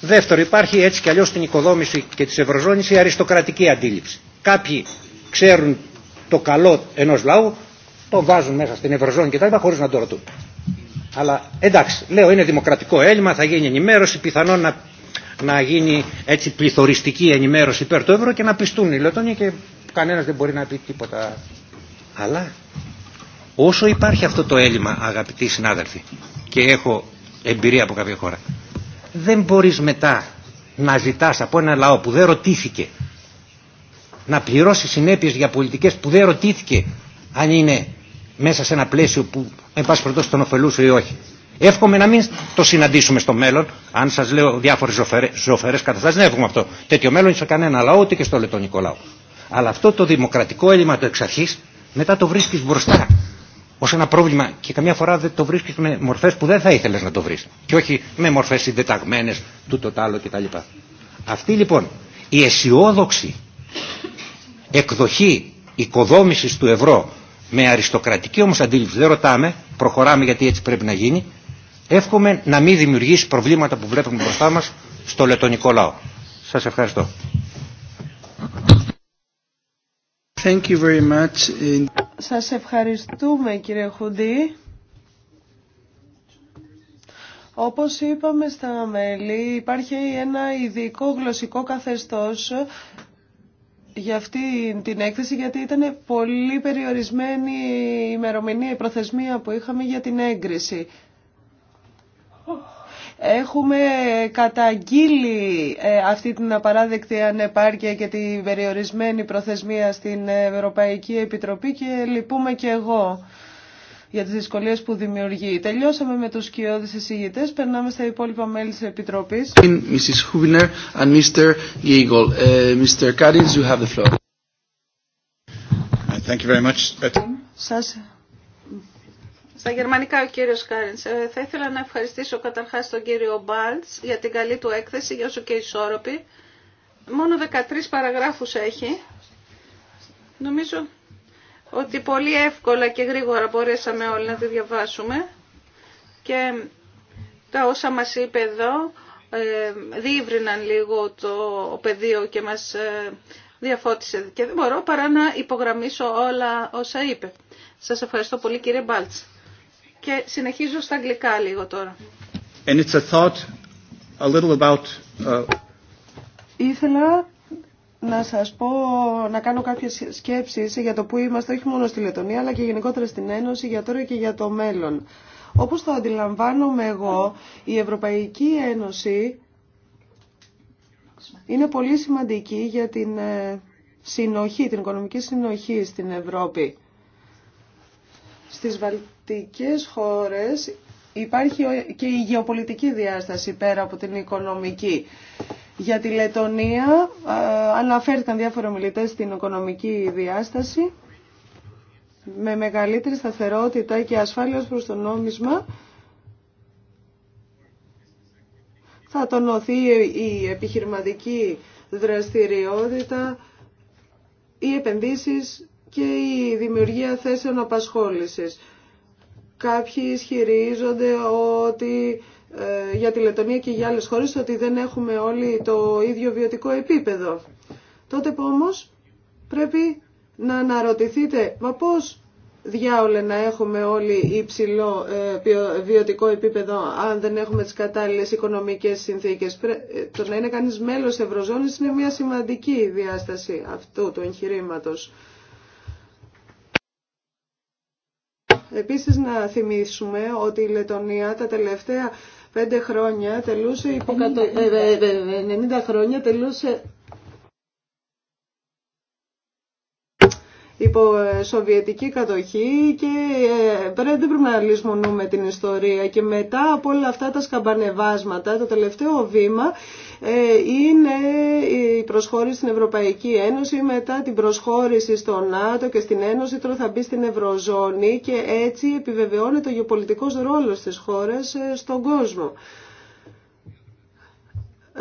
[SPEAKER 2] Δεύτερο, υπάρχει έτσι κι αλλιώ στην οικοδόμηση και τη Ευρωζώνη η αριστοκρατική αντίληψη. Κάποιοι ξέρουν το καλό ενό λαού, το βάζουν μέσα στην Ευρωζώνη κτλ. χωρί να το ρωτούν. Αλλά εντάξει, λέω είναι δημοκρατικό έλλειμμα, θα γίνει ενημέρωση, πιθανόν να, να γίνει έτσι πληθωριστική ενημέρωση υπέρ του ευρώ και να πιστούν οι Λετώνοι και κανένας δεν μπορεί να πει τίποτα. Αλλά όσο υπάρχει αυτό το έλλειμμα αγαπητοί συνάδελφοι και έχω εμπειρία από κάποια χώρα, δεν μπορείς μετά να ζητάς από ένα λαό που δεν ρωτήθηκε να πληρώσει συνέπειες για πολιτικές που δεν ρωτήθηκε αν είναι μέσα σε ένα πλαίσιο που εν πάση περιπτώσει τον ωφελούσε ή όχι. Εύχομαι να μην το συναντήσουμε στο μέλλον. Αν σα λέω διάφορε ζωφερέ καταστάσει, δεν εύχομαι αυτό. Τέτοιο μέλλον σε κανένα λαό, ούτε και στο λετωνικό λαό. Αλλά αυτό το δημοκρατικό έλλειμμα το εξ αρχή, μετά το βρίσκει μπροστά ω ένα πρόβλημα και καμιά φορά δεν το βρίσκει με μορφέ που δεν θα ήθελε να το βρει. Και όχι με μορφέ συντεταγμένε, τούτο τ' άλλο κτλ. Αυτή λοιπόν η αισιόδοξη εκδοχή οικοδόμηση του ευρώ με αριστοκρατική όμως αντίληψη, δεν ρωτάμε, προχωράμε γιατί έτσι πρέπει να γίνει, εύχομαι να μην δημιουργήσει προβλήματα που βλέπουμε μπροστά μας στο λετωνικό λαό. Σας ευχαριστώ.
[SPEAKER 1] Thank you very much.
[SPEAKER 4] Σας ευχαριστούμε κύριε Χουντή. Όπως είπαμε στα μέλη, υπάρχει ένα ειδικό γλωσσικό καθεστώς για αυτή την έκθεση γιατί ήταν πολύ περιορισμένη η ημερομηνία, η προθεσμία που είχαμε για την έγκριση. Έχουμε καταγγείλει ε, αυτή την απαράδεκτη ανεπάρκεια και την περιορισμένη προθεσμία στην Ευρωπαϊκή Επιτροπή και λυπούμε και εγώ για τις δυσκολίες που δημιουργεί. Τελειώσαμε με τους κοιόδης εισηγητές, περνάμε στα υπόλοιπα μέλη της Επιτροπής.
[SPEAKER 1] and Mr. Ε, Mr. you have the floor. Uh, thank you very much.
[SPEAKER 4] Uh,
[SPEAKER 1] στα γερμανικά ο κύριος Κάρινς. Ε, θα ήθελα να ευχαριστήσω καταρχάς τον κύριο Μπάλτς για την καλή του έκθεση, για όσο και ισόρροπη. Μόνο 13 παραγράφους έχει. Νομίζω ότι πολύ εύκολα και γρήγορα μπορέσαμε όλοι να τη διαβάσουμε και τα όσα μας είπε εδώ ε, διήβριναν λίγο το πεδίο και μας ε, διαφώτισε και δεν μπορώ παρά να υπογραμμίσω όλα όσα είπε. Σας ευχαριστώ πολύ κύριε Μπάλτς. Και συνεχίζω στα αγγλικά λίγο τώρα.
[SPEAKER 2] Uh, Ήθελα
[SPEAKER 4] να σας πω, να κάνω κάποιες σκέψεις για το που είμαστε, όχι μόνο στη Λετωνία, αλλά και γενικότερα στην Ένωση, για τώρα και για το μέλλον. Όπως το αντιλαμβάνομαι εγώ, η Ευρωπαϊκή Ένωση είναι πολύ σημαντική για την ε, συνοχή, την οικονομική συνοχή στην Ευρώπη. Στις βαλτικές χώρες υπάρχει και η γεωπολιτική διάσταση πέρα από την οικονομική. Για τη Λετωνία ε, αναφέρθηκαν διάφοροι ομιλητέ στην οικονομική διάσταση με μεγαλύτερη σταθερότητα και ασφάλεια προς το νόμισμα θα τονωθεί η επιχειρηματική δραστηριότητα, οι επενδύσεις και η δημιουργία θέσεων απασχόλησης. Κάποιοι ισχυρίζονται ότι ε, για τη Λετωνία και για άλλες χώρες ότι δεν έχουμε όλοι το ίδιο βιωτικό επίπεδο. Τότε που όμως πρέπει να αναρωτηθείτε, μα πώς διάολε να έχουμε όλοι υψηλό ε, βιωτικό επίπεδο αν δεν έχουμε τις κατάλληλες οικονομικές συνθήκες. Ε, το να είναι κανείς μέλος Ευρωζώνης είναι μια σημαντική διάσταση αυτού του εγχειρήματο. Επίσης να θυμίσουμε ότι η Λετωνία τα τελευταία πέντε χρόνια τελούσε, 50, 90 χρόνια τελούσε υπό ε, σοβιετική κατοχή και ε, δεν πρέπει να λησμονούμε την ιστορία και μετά από όλα αυτά τα σκαμπανεβάσματα το τελευταίο βήμα ε, είναι η προσχώρηση στην Ευρωπαϊκή Ένωση μετά την προσχώρηση στο ΝΑΤΟ και στην Ένωση τώρα θα μπει στην Ευρωζώνη και έτσι επιβεβαιώνεται ο γεωπολιτικός ρόλος της χώρας στον κόσμο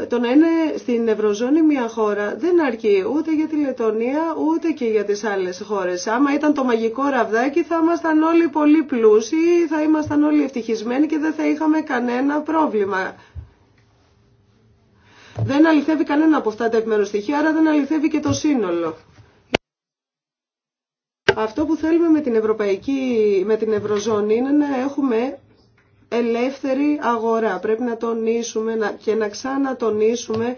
[SPEAKER 4] το να είναι στην Ευρωζώνη μια χώρα δεν αρκεί ούτε για τη Λετωνία ούτε και για τις άλλες χώρες. Άμα ήταν το μαγικό ραβδάκι θα ήμασταν όλοι πολύ πλούσιοι, θα ήμασταν όλοι ευτυχισμένοι και δεν θα είχαμε κανένα πρόβλημα. Δεν αληθεύει κανένα από αυτά τα επιμέρους στοιχεία, άρα δεν αληθεύει και το σύνολο. Αυτό που θέλουμε με την, Ευρωπαϊκή, με την Ευρωζώνη είναι να έχουμε ελεύθερη αγορά. Πρέπει να τονίσουμε και να ξανατονίσουμε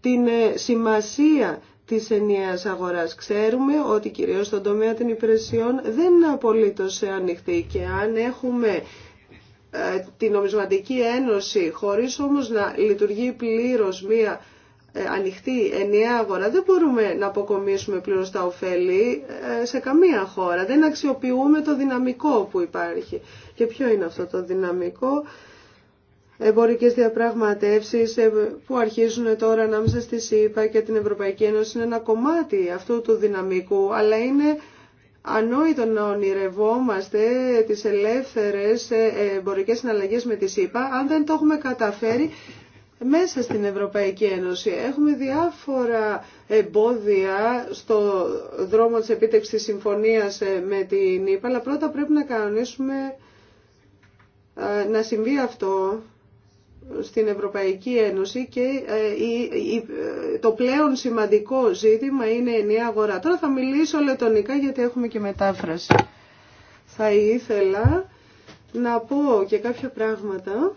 [SPEAKER 4] την ε, σημασία της ενιαίας αγοράς. Ξέρουμε ότι κυρίως στον τομέα των υπηρεσιών δεν είναι απολύτως ανοιχτή και αν έχουμε ε, την νομισματική ένωση χωρίς όμως να λειτουργεί πλήρως μία ε, ανοιχτή ενιαία αγορά δεν μπορούμε να αποκομίσουμε πλήρω τα ωφέλη ε, σε καμία χώρα. Δεν αξιοποιούμε το δυναμικό που υπάρχει. Και ποιο είναι αυτό το δυναμικό. Εμπορικές διαπραγματεύσεις ε, που αρχίζουν τώρα ανάμεσα στη ΣΥΠΑ και την Ευρωπαϊκή Ένωση είναι ένα κομμάτι αυτού του δυναμικού, αλλά είναι ανόητο να ονειρευόμαστε τις ελεύθερες εμπορικές συναλλαγές με τη ΣΥΠΑ αν δεν το έχουμε καταφέρει μέσα στην Ευρωπαϊκή Ένωση. Έχουμε διάφορα εμπόδια στο δρόμο της επίτευξης της συμφωνίας ε, με την ΕΠΑ, αλλά πρώτα πρέπει να κανονίσουμε ε, να συμβεί αυτό στην Ευρωπαϊκή Ένωση και ε, το πλέον σημαντικό ζήτημα είναι η νέα αγορά. Τώρα θα μιλήσω λετωνικά γιατί έχουμε και μετάφραση. Θα ήθελα να πω και κάποια πράγματα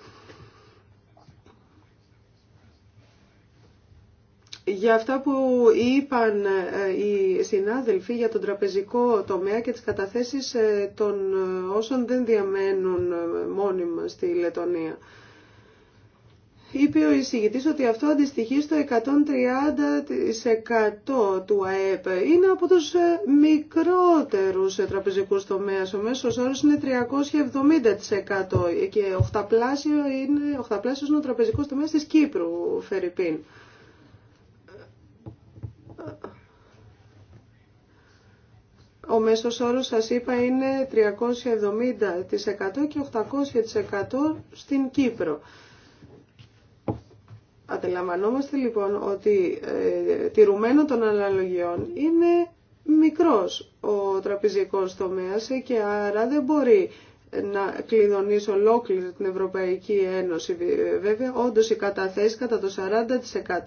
[SPEAKER 4] για αυτά που είπαν ε, οι συνάδελφοι για τον τραπεζικό τομέα και τις καταθέσεις ε, των ε, όσων δεν διαμένουν μόνιμα στη Λετωνία. Είπε ο εισηγητής ότι αυτό αντιστοιχεί στο 130% του ΑΕΠ. Είναι από τους μικρότερους τραπεζικούς τομέας. Ο μέσος όρος είναι 370% και οχταπλάσιο είναι, είναι ο τραπεζικός τομέας της Κύπρου, Φερρυπίν. Ο μέσος όρος σας είπα είναι 370% και 800% στην Κύπρο. Αντιλαμβανόμαστε λοιπόν ότι ε, τηρουμένο των αναλογιών είναι μικρός ο τραπεζικός τομέας και άρα δεν μπορεί να κλειδωνήσει ολόκληρη την Ευρωπαϊκή Ένωση. Βέβαια, όντως οι καταθέσεις κατά το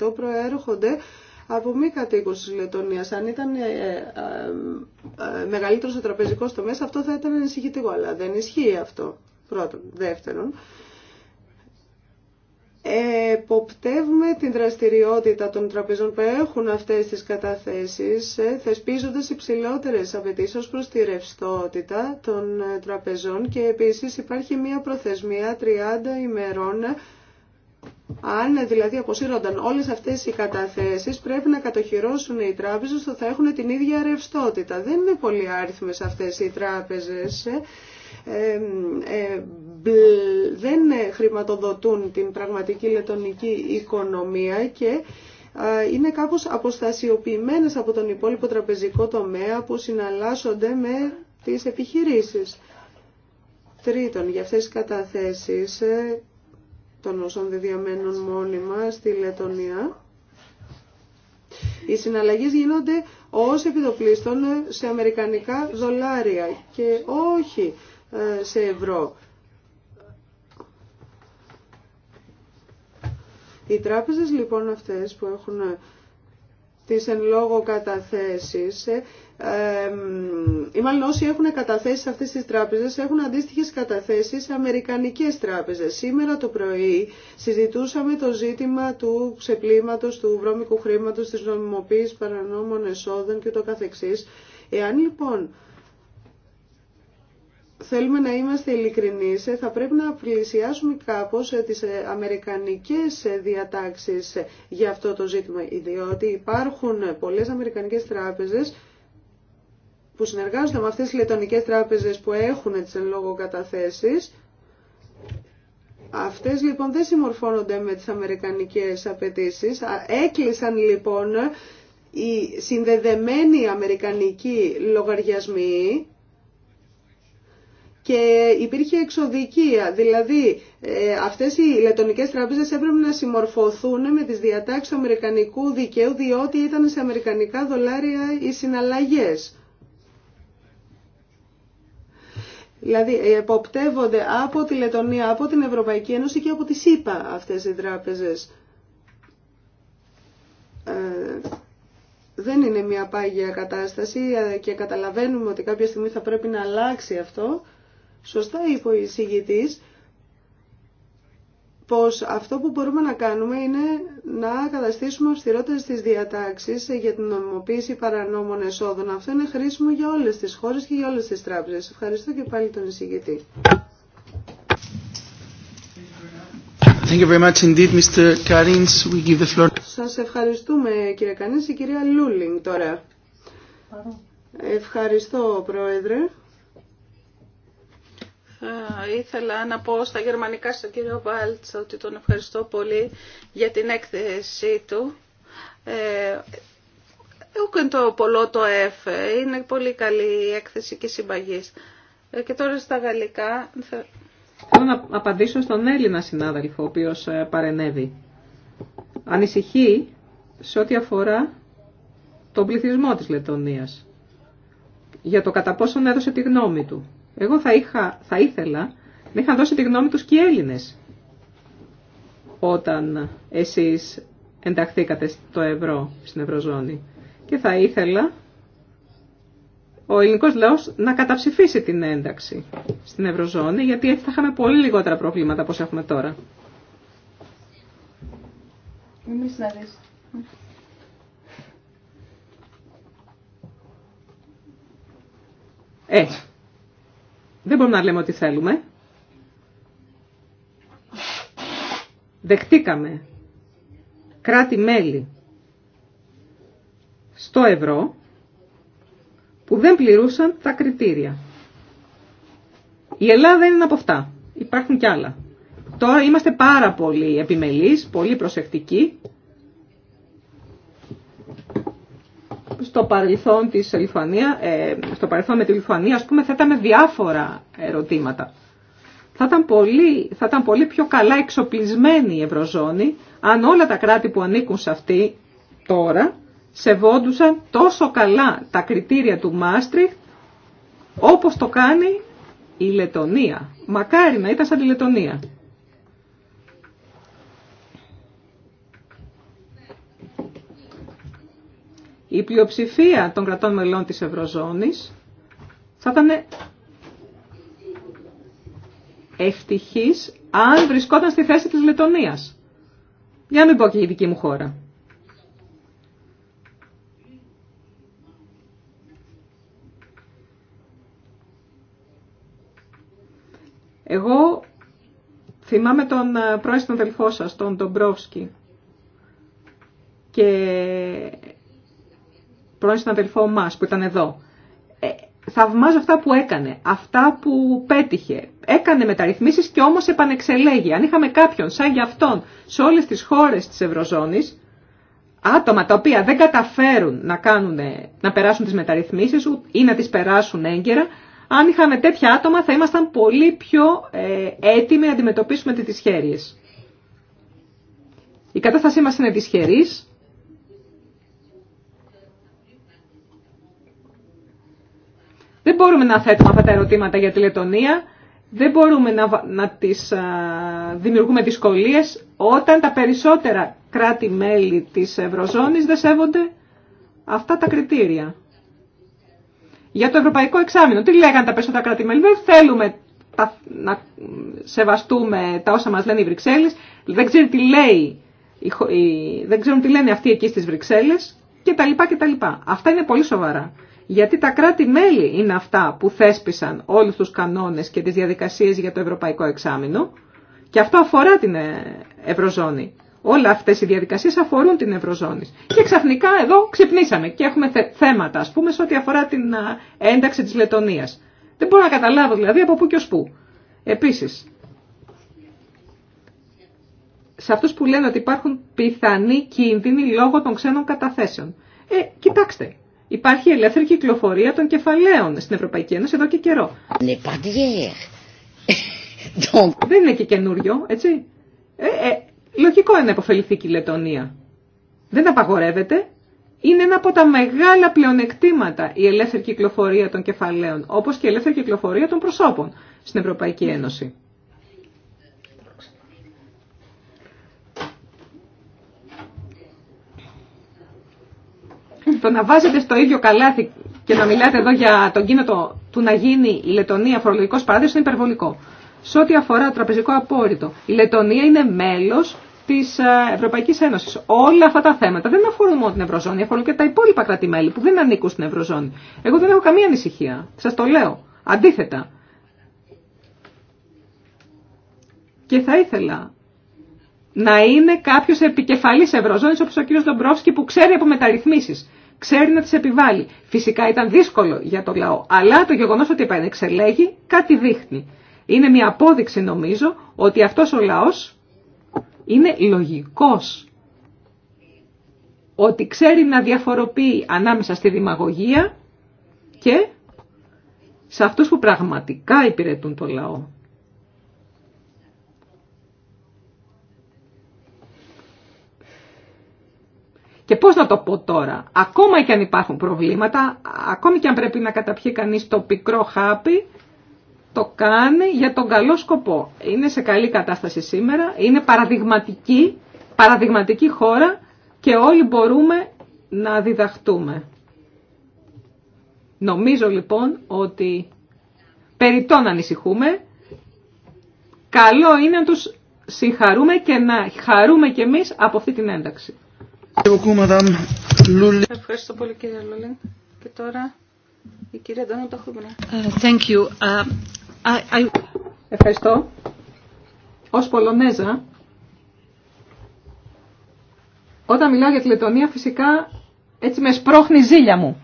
[SPEAKER 4] 40% προέρχονται από μη κατοίκου τη Λετωνία. Αν ήταν ε, ε, ε, ε μεγαλύτερο ο τραπεζικό τομέα, αυτό θα ήταν ανησυχητικό. Αλλά δεν ισχύει αυτό. Πρώτον. Δεύτερον, εποπτεύουμε την δραστηριότητα των τραπεζών που έχουν αυτές τις καταθέσεις, θεσπίζοντας υψηλότερες απαιτήσει ως προς τη ρευστότητα των τραπεζών και επίσης υπάρχει μια προθεσμία 30 ημερών αν δηλαδή αποσύρονταν όλες αυτές οι καταθέσεις πρέπει να κατοχυρώσουν οι τράπεζε ότι θα έχουν την ίδια ρευστότητα. Δεν είναι πολύ άριθμε αυτές οι τράπεζες. Ε, ε δεν χρηματοδοτούν την πραγματική λετονική οικονομία και είναι κάπως αποστασιοποιημένες από τον υπόλοιπο τραπεζικό τομέα που συναλλάσσονται με τις επιχειρήσεις. Τρίτον, για αυτές τις καταθέσεις ε, των όσων διαμένουν μόνιμα στη Λετωνία. Οι συναλλαγές γίνονται ως επιδοπλίστων σε αμερικανικά δολάρια και όχι ε, σε ευρώ. Οι τράπεζες λοιπόν αυτές που έχουν της εν λόγω καταθέσεις Οι ε, μάλλον όσοι έχουν καταθέσει σε αυτές τις τράπεζες έχουν αντίστοιχες καταθέσεις σε αμερικανικές τράπεζες. Σήμερα το πρωί συζητούσαμε το ζήτημα του ξεπλήματος, του βρώμικου χρήματος, της νομιμοποίησης παρανόμων εσόδων και το καθεξής. Εάν λοιπόν θέλουμε να είμαστε ειλικρινείς, ε, θα πρέπει να πλησιάσουμε κάπως ε, τις ε, αμερικανικές διατάξεις για αυτό το ζήτημα, διότι υπάρχουν πολλές αμερικανικές τράπεζες που συνεργάζονται με αυτές τις λετωνικές τράπεζες που έχουν τις εν λόγω καταθέσεις. Αυτές λοιπόν δεν συμμορφώνονται με τις αμερικανικές απαιτήσει. Έκλεισαν λοιπόν οι συνδεδεμένοι αμερικανικοί λογαριασμοί και υπήρχε εξοδικία. Δηλαδή ε, αυτές οι λετονικές τράπεζες έπρεπε να συμμορφωθούν με τις διατάξεις του Αμερικανικού δικαίου διότι ήταν σε Αμερικανικά δολάρια οι συναλλαγές. Δηλαδή εποπτεύονται από τη Λετωνία, από την Ευρωπαϊκή Ένωση και από τη ΣΥΠΑ αυτές οι τράπεζες. Ε, δεν είναι μια πάγια κατάσταση ε, και καταλαβαίνουμε ότι κάποια στιγμή θα πρέπει να αλλάξει αυτό. Σωστά είπε ο εισηγητής πως αυτό που μπορούμε να κάνουμε είναι να καταστήσουμε αυστηρότερες τις διατάξεις για την νομιμοποίηση παρανόμων εσόδων. Αυτό είναι χρήσιμο για όλες τις χώρες και για όλες τις τράπεζες. Ευχαριστώ και πάλι τον εισηγητή.
[SPEAKER 2] Thank
[SPEAKER 1] you very much indeed, Mr. We give the floor.
[SPEAKER 4] Σας ευχαριστούμε κύριε Κανίνς. Η κυρία Λούλινγκ τώρα. Ευχαριστώ Πρόεδρε
[SPEAKER 1] ήθελα να πω στα γερμανικά στον κύριο Βάλτς ότι τον ευχαριστώ πολύ για την έκθεσή του. Ε, το πολλό το F. Είναι πολύ καλή η έκθεση και συμπαγής. Ε, και τώρα στα γαλλικά... Θέλω
[SPEAKER 3] να απαντήσω στον Έλληνα συνάδελφο, ο οποίος ε, παρενέβη. Ανησυχεί σε ό,τι αφορά τον πληθυσμό της Λετωνίας. Για το κατά πόσον έδωσε τη γνώμη του. Εγώ θα, θα ήθελα να είχαν δώσει τη γνώμη τους και οι Έλληνες όταν εσείς ενταχθήκατε στο ευρώ, στην ευρωζώνη. Και θα ήθελα ο ελληνικός λαός να καταψηφίσει την ένταξη στην Ευρωζώνη, γιατί έτσι θα είχαμε πολύ λιγότερα προβλήματα όπως έχουμε τώρα. Εμείς Ε, δεν μπορούμε να λέμε ότι θέλουμε. Δεχτήκαμε κράτη-μέλη στο ευρώ που δεν πληρούσαν τα κριτήρια. Η Ελλάδα είναι από αυτά. Υπάρχουν κι άλλα. Τώρα είμαστε πάρα πολύ επιμελείς, πολύ προσεκτικοί στο παρελθόν, της ε, στο παρελθόν με τη Λιθουανία ας πούμε, με διάφορα ερωτήματα. Θα ήταν, πολύ, θα ήταν πολύ πιο καλά εξοπλισμένη η Ευρωζώνη αν όλα τα κράτη που ανήκουν σε αυτή τώρα σεβόντουσαν τόσο καλά τα κριτήρια του Μάστριχτ, όπως το κάνει η Λετωνία. Μακάρι να ήταν σαν τη Λετωνία. η πλειοψηφία των κρατών μελών της Ευρωζώνης θα ήταν ευτυχής αν βρισκόταν στη θέση της Λετωνίας. Για να μην πω και η δική μου χώρα. Εγώ θυμάμαι τον ε, πρώην αδελφό σας, τον Ντομπρόφσκι. Και πρώην συναδελφό μα που ήταν εδώ. Ε, θαυμάζω αυτά που έκανε, αυτά που πέτυχε. Έκανε μεταρρυθμίσεις και όμω επανεξελέγει. Αν είχαμε κάποιον σαν γι' αυτόν σε όλε τι χώρε τη Ευρωζώνη, άτομα τα οποία δεν καταφέρουν να, κάνουν, να περάσουν τι μεταρρυθμίσει ή να τι περάσουν έγκαιρα, αν είχαμε τέτοια άτομα θα ήμασταν πολύ πιο ε, έτοιμοι να αντιμετωπίσουμε τις δυσχέρειες. Η κατάστασή μας είναι δυσχερής, Δεν μπορούμε να θέτουμε αυτά τα ερωτήματα για τη Λετωνία, δεν μπορούμε να, να τις δημιουργούμε δυσκολίες όταν τα περισσότερα κράτη-μέλη της Ευρωζώνης δεν σέβονται αυτά τα κριτήρια. Για το Ευρωπαϊκό Εξάμεινο, τι λέγανε τα περισσότερα κράτη-μέλη, δεν θέλουμε να σεβαστούμε τα όσα μας λένε οι Βρυξέλλες, δεν, ξέρει τι λέει, δεν ξέρουν τι λένε αυτοί εκεί στις Βρυξέλλες κτλ. Αυτά είναι πολύ σοβαρά γιατί τα κράτη-μέλη είναι αυτά που θέσπισαν όλους τους κανόνες και τις διαδικασίες για το ευρωπαϊκό εξάμεινο και αυτό αφορά την ε, Ευρωζώνη. Όλα αυτές οι διαδικασίες αφορούν την Ευρωζώνη. Και ξαφνικά εδώ ξυπνήσαμε και έχουμε θέματα, ας πούμε, σε ό,τι αφορά την ε, ένταξη της Λετωνίας. Δεν μπορώ να καταλάβω δηλαδή από πού και ως πού. Επίσης, σε αυτούς που λένε ότι υπάρχουν πιθανοί κίνδυνοι λόγω των ξένων καταθέσεων. Ε, κοιτάξτε, Υπάρχει ελεύθερη κυκλοφορία των κεφαλαίων στην Ευρωπαϊκή Ένωση εδώ και καιρό. Δεν είναι και καινούριο, έτσι. Ε, ε, λογικό είναι να υποφεληθεί η Λετωνία. Δεν απαγορεύεται. Είναι ένα από τα μεγάλα πλεονεκτήματα η ελεύθερη κυκλοφορία των κεφαλαίων, όπως και η ελεύθερη κυκλοφορία των προσώπων στην Ευρωπαϊκή Ένωση. το να βάζετε στο ίδιο καλάθι και να μιλάτε εδώ για τον κίνητο του να γίνει η Λετωνία φορολογικό παράδεισο είναι υπερβολικό. Σε ό,τι αφορά το τραπεζικό απόρριτο, η Λετωνία είναι μέλο τη ε, Ευρωπαϊκή Ένωση. Όλα αυτά τα θέματα δεν αφορούν μόνο την Ευρωζώνη, αφορούν και τα υπόλοιπα κράτη-μέλη που δεν ανήκουν στην Ευρωζώνη. Εγώ δεν έχω καμία ανησυχία. Σα το λέω. Αντίθετα. Και θα ήθελα να είναι κάποιο επικεφαλή Ευρωζώνη όπω ο κ. Ντομπρόφσκι που ξέρει από μεταρρυθμίσει ξέρει να τις επιβάλλει. Φυσικά ήταν δύσκολο για το λαό, αλλά το γεγονός ότι επανεξελέγει κάτι δείχνει. Είναι μια απόδειξη νομίζω ότι αυτός ο λαός είναι λογικός. Ότι ξέρει να διαφοροποιεί ανάμεσα στη δημαγωγία και σε αυτούς που πραγματικά υπηρετούν το λαό. Και πώς να το πω τώρα, ακόμα και αν υπάρχουν προβλήματα, ακόμη και αν πρέπει να καταπιεί κανείς το πικρό χάπι, το κάνει για τον καλό σκοπό. Είναι σε καλή κατάσταση σήμερα, είναι παραδειγματική, παραδειγματική χώρα και όλοι μπορούμε να διδαχτούμε. Νομίζω λοιπόν ότι περί των ανησυχούμε, καλό είναι να τους συγχαρούμε και να χαρούμε κι εμείς από αυτή την ένταξη. Ευχαριστώ
[SPEAKER 1] πολύ κύριε Λούλιν. Και τώρα η κυρία Ντανούτα Χούμπνα.
[SPEAKER 3] Ε, ε, Ευχαριστώ. Ως Πολωνέζα, όταν μιλάω για τη Λετωνία φυσικά έτσι με σπρώχνει η ζήλια μου.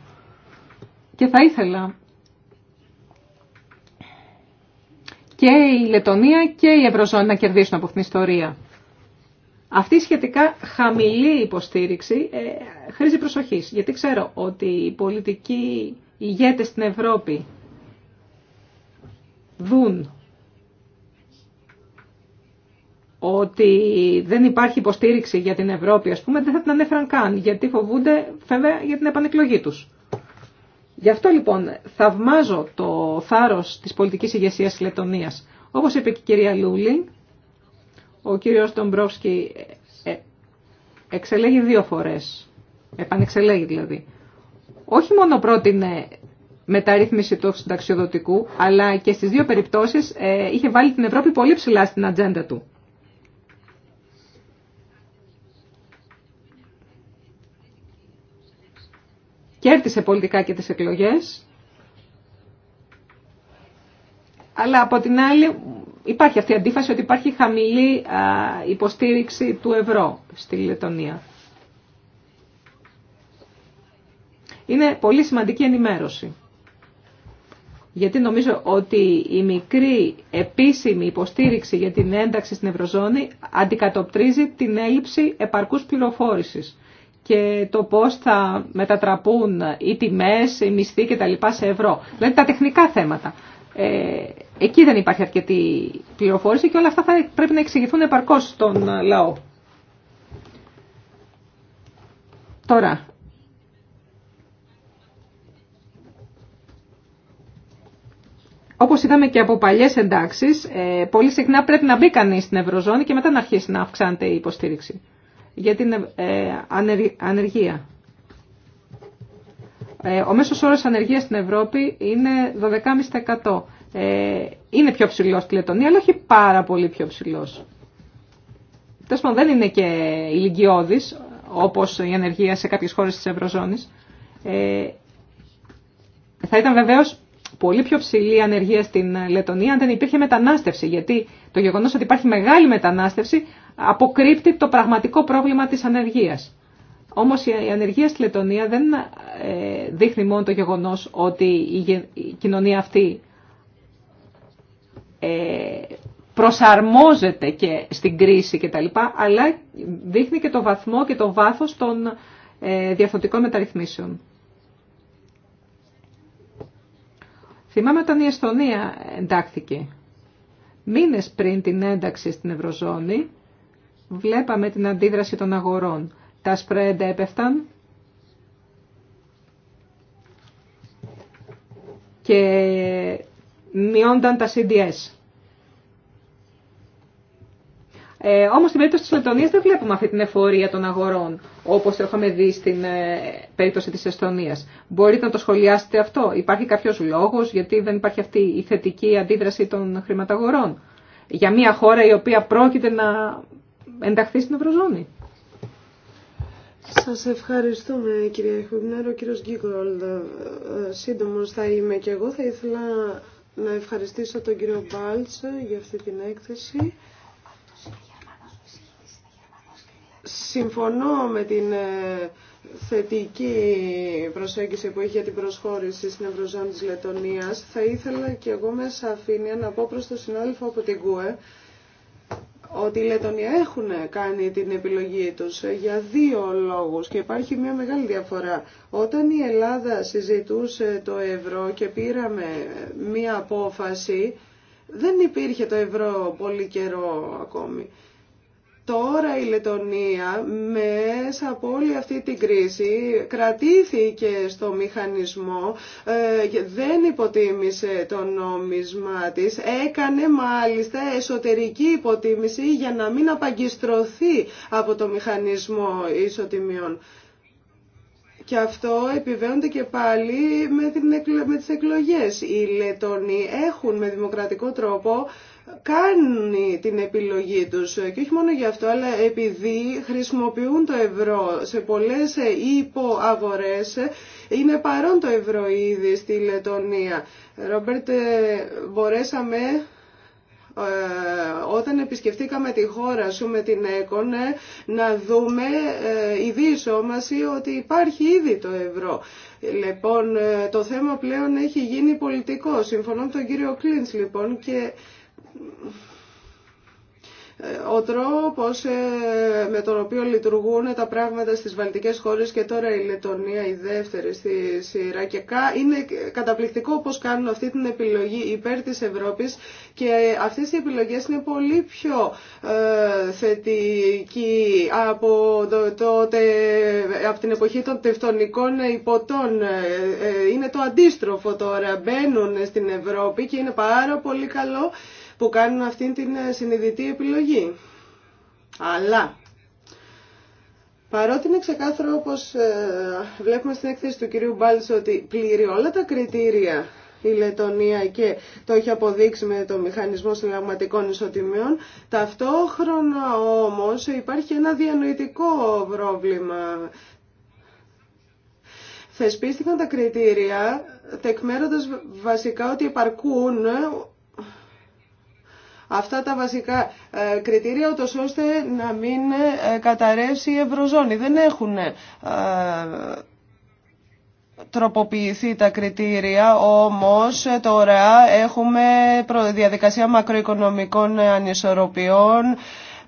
[SPEAKER 3] Και θα ήθελα και η Λετωνία και η Ευρωζώνη να κερδίσουν από αυτήν την ιστορία. Αυτή η σχετικά χαμηλή υποστήριξη ε, χρήζει προσοχής, γιατί ξέρω ότι οι πολιτικοί ηγέτες στην Ευρώπη δουν ότι δεν υπάρχει υποστήριξη για την Ευρώπη, ας πούμε, δεν θα την ανέφεραν καν, γιατί φοβούνται, βέβαια, για την επανεκλογή τους. Γι' αυτό, λοιπόν, θαυμάζω το θάρρος της πολιτικής ηγεσίας της Λετωνίας. Όπως είπε και η κυρία Λούλινγκ, ο κύριος ε, ε, εξελέγει δύο φορές, επανεξελέγει δηλαδή. Όχι μόνο πρότεινε μεταρρύθμιση του συνταξιοδοτικού, αλλά και στις δύο περιπτώσεις ε, είχε βάλει την Ευρώπη πολύ ψηλά στην ατζέντα του. Κέρδισε πολιτικά και τις εκλογές, αλλά από την άλλη υπάρχει αυτή η αντίφαση ότι υπάρχει χαμηλή υποστήριξη του ευρώ στη Λετωνία. Είναι πολύ σημαντική ενημέρωση. Γιατί νομίζω ότι η μικρή επίσημη υποστήριξη για την ένταξη στην Ευρωζώνη αντικατοπτρίζει την έλλειψη επαρκούς πληροφόρησης και το πώς θα μετατραπούν οι τιμές, οι μισθοί κτλ. σε ευρώ. Δηλαδή τα τεχνικά θέματα. Ε, Εκεί δεν υπάρχει αρκετή πληροφόρηση και όλα αυτά θα πρέπει να εξηγηθούν επαρκώ στον ε, λαό. Τώρα, όπως είδαμε και από παλιές εντάξεις, ε, πολύ συχνά πρέπει να μπει κανεί στην Ευρωζώνη και μετά να αρχίσει να αυξάνεται η υποστήριξη για την ε, ανεργία. ο μέσος όρος ανεργίας στην Ευρώπη είναι 12,5%. Ε, είναι πιο ψηλό στη Λετωνία, αλλά όχι πάρα πολύ πιο ψηλό. Τέλο δεν είναι και ηλικιώδη, όπω η ανεργία σε κάποιε χώρε τη Ευρωζώνη. Ε, θα ήταν βεβαίω πολύ πιο ψηλή η ανεργία στην Λετωνία αν δεν υπήρχε μετανάστευση. Γιατί το γεγονό ότι υπάρχει μεγάλη μετανάστευση αποκρύπτει το πραγματικό πρόβλημα τη ανεργία. Όμω η ανεργία στη Λετωνία δεν ε, δείχνει μόνο το γεγονό ότι η κοινωνία αυτή ε, προσαρμόζεται και στην κρίση κτλ. Αλλά δείχνει και το βαθμό και το βάθος των ε, διαφορετικών μεταρρυθμίσεων. Θυμάμαι όταν η Εστονία εντάχθηκε. Μήνες πριν την ένταξη στην Ευρωζώνη, βλέπαμε την αντίδραση των αγορών. Τα σπρέντα έπεφταν και μειώνταν τα CDS. Ε, Όμω στην περίπτωση της Λετωνίας δεν βλέπουμε αυτή την εφορία των αγορών όπως το είχαμε δει στην ε, περίπτωση της Εστονίας. Μπορείτε να το σχολιάσετε αυτό. Υπάρχει κάποιος λόγος γιατί δεν υπάρχει αυτή η θετική αντίδραση των χρηματαγορών για μια χώρα η οποία πρόκειται να ενταχθεί στην Ευρωζώνη.
[SPEAKER 4] Σας ευχαριστούμε κυρία Χουμπνέρο, κύριος Γκίγκολ ε, ε, Σύντομος θα είμαι και εγώ. Θα ήθελα να ευχαριστήσω τον κύριο Μπάλτς για αυτή την έκθεση. Συμφωνώ με την ε, θετική προσέγγιση που έχει για την προσχώρηση στην Ευρωζώνη της Λετωνίας. Θα ήθελα και εγώ με σαφήνεια να πω προς τον συνάδελφο από την ΚΟΕ ότι οι Λετωνία έχουν κάνει την επιλογή τους για δύο λόγους και υπάρχει μια μεγάλη διαφορά. Όταν η Ελλάδα συζητούσε το ευρώ και πήραμε μια απόφαση, δεν υπήρχε το ευρώ πολύ καιρό ακόμη. Τώρα η Λετωνία μέσα από όλη αυτή την κρίση κρατήθηκε στο μηχανισμό, ε, δεν υποτίμησε το νόμισμα της, έκανε μάλιστα εσωτερική υποτίμηση για να μην απαγκιστρωθεί από το μηχανισμό ισοτιμιών. Και αυτό επιβαίνονται και πάλι με, την, με τις εκλογές. Οι Λετωνοί έχουν με δημοκρατικό τρόπο κάνει την επιλογή τους και όχι μόνο γι' αυτό αλλά επειδή χρησιμοποιούν το ευρώ σε πολλές υποαγορές είναι παρόν το ευρώ ήδη στη Λετωνία. Ρόμπερτ ε, μπορέσαμε ε, όταν επισκεφτήκαμε τη χώρα σου με την ΕΚΟΝ ε, να δούμε η δίσόμαση ότι υπάρχει ήδη το ευρώ. Λοιπόν, το θέμα πλέον έχει γίνει πολιτικό. Συμφωνώ με τον κύριο Κλίντς λοιπόν, και ο τρόπος ε, με τον οποίο λειτουργούν τα πράγματα στις βαλτικές χώρες και τώρα η Λετωνία η δεύτερη στη σειρά και είναι καταπληκτικό πώς κάνουν αυτή την επιλογή υπέρ της Ευρώπης και αυτές οι επιλογές είναι πολύ πιο ε, από, το, τότε, από την εποχή των τευτονικών υποτών. Ε, ε, είναι το αντίστροφο τώρα, μπαίνουν στην Ευρώπη και είναι πάρα πολύ καλό που κάνουν αυτήν την ε, συνειδητή επιλογή. Αλλά Παρότι είναι ξεκάθαρο όπως ε, βλέπουμε στην έκθεση του κυρίου Μπάλτς ότι πλήρει όλα τα κριτήρια η Λετωνία και το έχει αποδείξει με το μηχανισμό συλλαγματικών ισοτιμιών, ταυτόχρονα όμως υπάρχει ένα διανοητικό πρόβλημα. Θεσπίστηκαν τα κριτήρια τεκμέροντας βασικά ότι υπαρκούν αυτά τα βασικά ε, κριτήρια, ούτως ώστε να μην ε, καταρρεύσει η Ευρωζώνη. Δεν έχουν ε, τροποποιηθεί τα κριτήρια, όμως τώρα έχουμε διαδικασία μακροοικονομικών ανισορροπιών,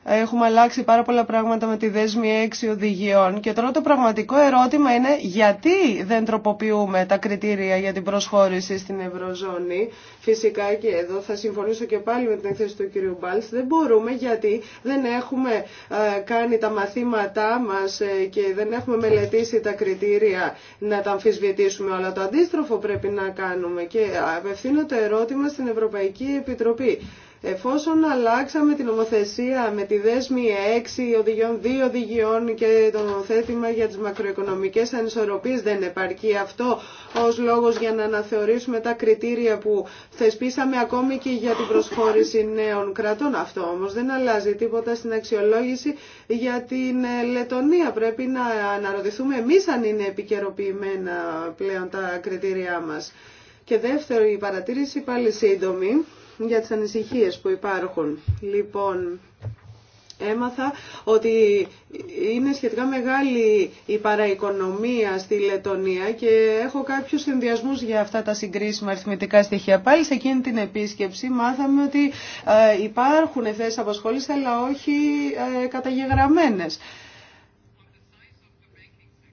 [SPEAKER 4] Έχουμε αλλάξει πάρα πολλά πράγματα με τη δέσμη έξι οδηγιών. Και τώρα το πραγματικό ερώτημα είναι γιατί δεν τροποποιούμε τα κριτήρια για την προσχώρηση στην Ευρωζώνη. Φυσικά και εδώ θα συμφωνήσω και πάλι με την εκθέση του κ. Μπάλτς. Δεν μπορούμε γιατί δεν έχουμε ε, κάνει τα μαθήματά μας ε, και δεν έχουμε μελετήσει τα κριτήρια να τα αμφισβητήσουμε όλα. Το αντίστροφο πρέπει να κάνουμε και απευθύνω το ερώτημα στην Ευρωπαϊκή Επιτροπή. Εφόσον αλλάξαμε την νομοθεσία με τη δέσμη 6 οδηγιών, 2 οδηγιών και το νομοθέτημα για τις μακροοικονομικές ανισορροπίες δεν επαρκεί αυτό ως λόγος για να αναθεωρήσουμε τα κριτήρια που θεσπίσαμε ακόμη και για την προσχώρηση νέων κρατών. Αυτό όμως δεν αλλάζει τίποτα στην αξιολόγηση για την Λετωνία. Πρέπει να αναρωτηθούμε εμείς αν είναι επικαιροποιημένα πλέον τα κριτήριά μας. Και η παρατήρηση πάλι σύντομη για τις ανησυχίες που υπάρχουν. Λοιπόν, έμαθα ότι είναι σχετικά μεγάλη η παραοικονομία στη Λετωνία και έχω κάποιους συνδυασμούς για αυτά τα συγκρίσιμα αριθμητικά στοιχεία. Πάλι σε εκείνη την επίσκεψη μάθαμε ότι ε, υπάρχουν θέσεις αποσχόλησης, αλλά όχι ε, καταγεγραμμένες.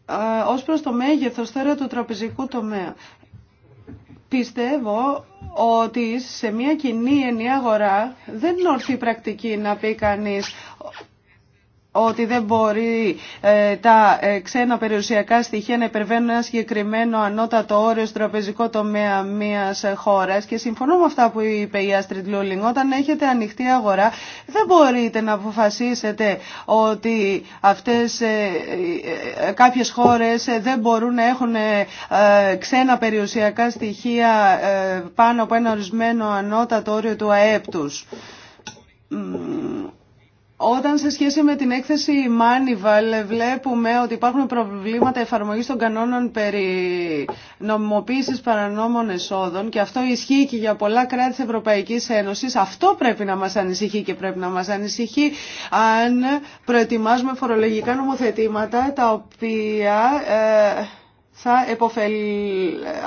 [SPEAKER 4] Ε, ως προς το μέγεθος τώρα του τραπεζικού τομέα. Πιστεύω ότι σε μια κοινή ενιαία αγορά δεν είναι ορθή πρακτική να πει κανείς ότι δεν μπορεί ε, τα ε, ξένα περιουσιακά στοιχεία να υπερβαίνουν ένα συγκεκριμένο ανώτατο όριο στο τραπεζικό τομέα μια ε, χώρα. Και συμφωνώ με αυτά που είπε η Άστριντ Λούλινγκ. Όταν έχετε ανοιχτή αγορά, δεν μπορείτε να αποφασίσετε ότι αυτές κάποιες χώρες δεν μπορούν να έχουν ξένα περιουσιακά στοιχεία πάνω από ένα ορισμένο ανώτατο όριο του ΑΕΠ τους όταν σε σχέση με την έκθεση Manival βλέπουμε ότι υπάρχουν προβλήματα εφαρμογής των κανόνων περί νομιμοποίησης παρανόμων εσόδων και αυτό ισχύει και για πολλά κράτη της Ευρωπαϊκής Ένωσης, αυτό πρέπει να μας ανησυχεί και πρέπει να μας ανησυχεί αν προετοιμάζουμε φορολογικά νομοθετήματα τα οποία... Ε, θα εποφελ...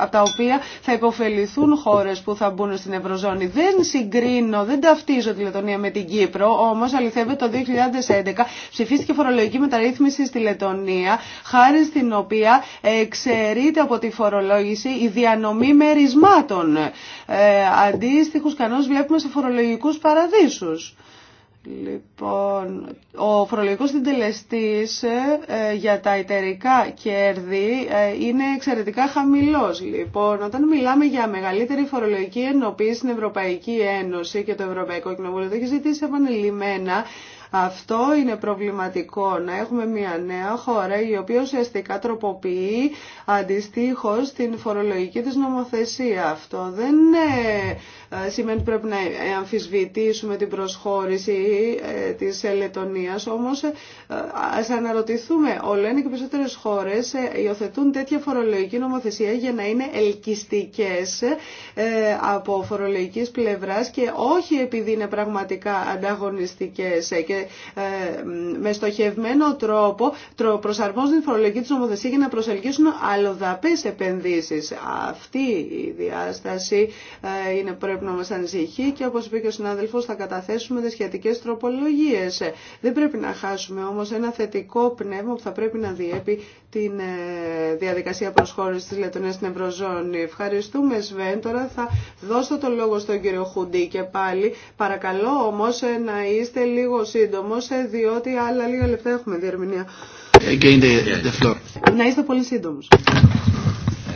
[SPEAKER 4] από τα οποία θα υποφεληθούν χώρες που θα μπουν στην Ευρωζώνη. Δεν συγκρίνω, δεν ταυτίζω τη Λετωνία με την Κύπρο, όμως αληθεύεται το 2011 ψηφίστηκε φορολογική μεταρρύθμιση στη Λετωνία, χάρη στην οποία εξαιρείται από τη φορολόγηση η διανομή μερισμάτων. Ε, αντίστοιχους κανόνες βλέπουμε σε φορολογικούς παραδείσους. Λοιπόν, ο φορολογικός συντελεστής ε, για τα εταιρικά κέρδη ε, είναι εξαιρετικά χαμηλός. Λοιπόν, όταν μιλάμε για μεγαλύτερη φορολογική ενοποίηση στην Ευρωπαϊκή Ένωση και το Ευρωπαϊκό Κοινοβούλιο, το έχει ζητήσει επανειλημμένα, αυτό είναι προβληματικό, να έχουμε μια νέα χώρα η οποία ουσιαστικά τροποποιεί αντιστοίχως την φορολογική της νομοθεσία. Αυτό δεν ε, ε, σημαίνει ότι πρέπει να αμφισβητήσουμε την προσχώρηση ε, της Λετωνίας. Όμως ε, ας αναρωτηθούμε, όλο ένα και περισσότερες χώρες υιοθετούν τέτοια φορολογική νομοθεσία για να είναι ελκυστικές από φορολογικής πλευράς και όχι επειδή είναι πραγματικά ανταγωνιστικές και με στοχευμένο τρόπο προσαρμόζουν την φορολογική της νομοθεσία για να προσελκύσουν αλλοδαπές επενδύσεις. Αυτή η διάσταση είναι πρέπει πρέπει να μας ανησυχεί και όπως είπε και ο συνάδελφος θα καταθέσουμε τις σχετικές τροπολογίες. Δεν πρέπει να χάσουμε όμως ένα θετικό πνεύμα που θα πρέπει να διέπει την ε, διαδικασία προσχώρησης της Λετωνίας στην Ευρωζώνη. Ευχαριστούμε Σβέν. Τώρα θα δώσω το λόγο στον κύριο Χουντή και πάλι. Παρακαλώ όμως ε, να είστε λίγο σύντομος ε, διότι άλλα λίγα λεπτά έχουμε διερμηνία.
[SPEAKER 2] the, the floor.
[SPEAKER 4] Να είστε πολύ σύντομος.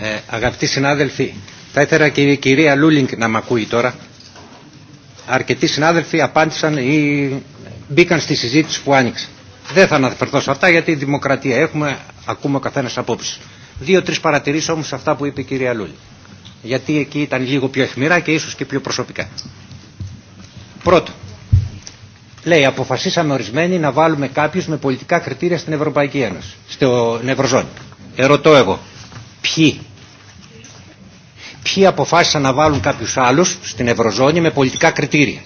[SPEAKER 2] Ε, αγαπητοί συνάδελφοι, θα ήθελα και η κυρία Λούλινγκ να με ακούει τώρα. Αρκετοί συνάδελφοι απάντησαν ή μπήκαν στη συζήτηση που άνοιξε. Δεν θα αναφερθώ σε αυτά γιατί η δημοκρατία έχουμε, ακούμε ο καθένα απόψει. Δύο-τρει παρατηρήσει όμω σε αυτά που είπε η κυρία Λούλινγκ Γιατί εκεί ήταν λίγο πιο αιχμηρά και ίσω και πιο προσωπικά. Πρώτο, λέει αποφασίσαμε ορισμένοι να βάλουμε κάποιου με πολιτικά κριτήρια στην Ευρωπαϊκή Ένωση, στην Ευρωζώνη. Ερωτώ εγώ, ποιοι ποιοι αποφάσισαν να βάλουν κάποιους άλλους στην Ευρωζώνη με πολιτικά κριτήρια.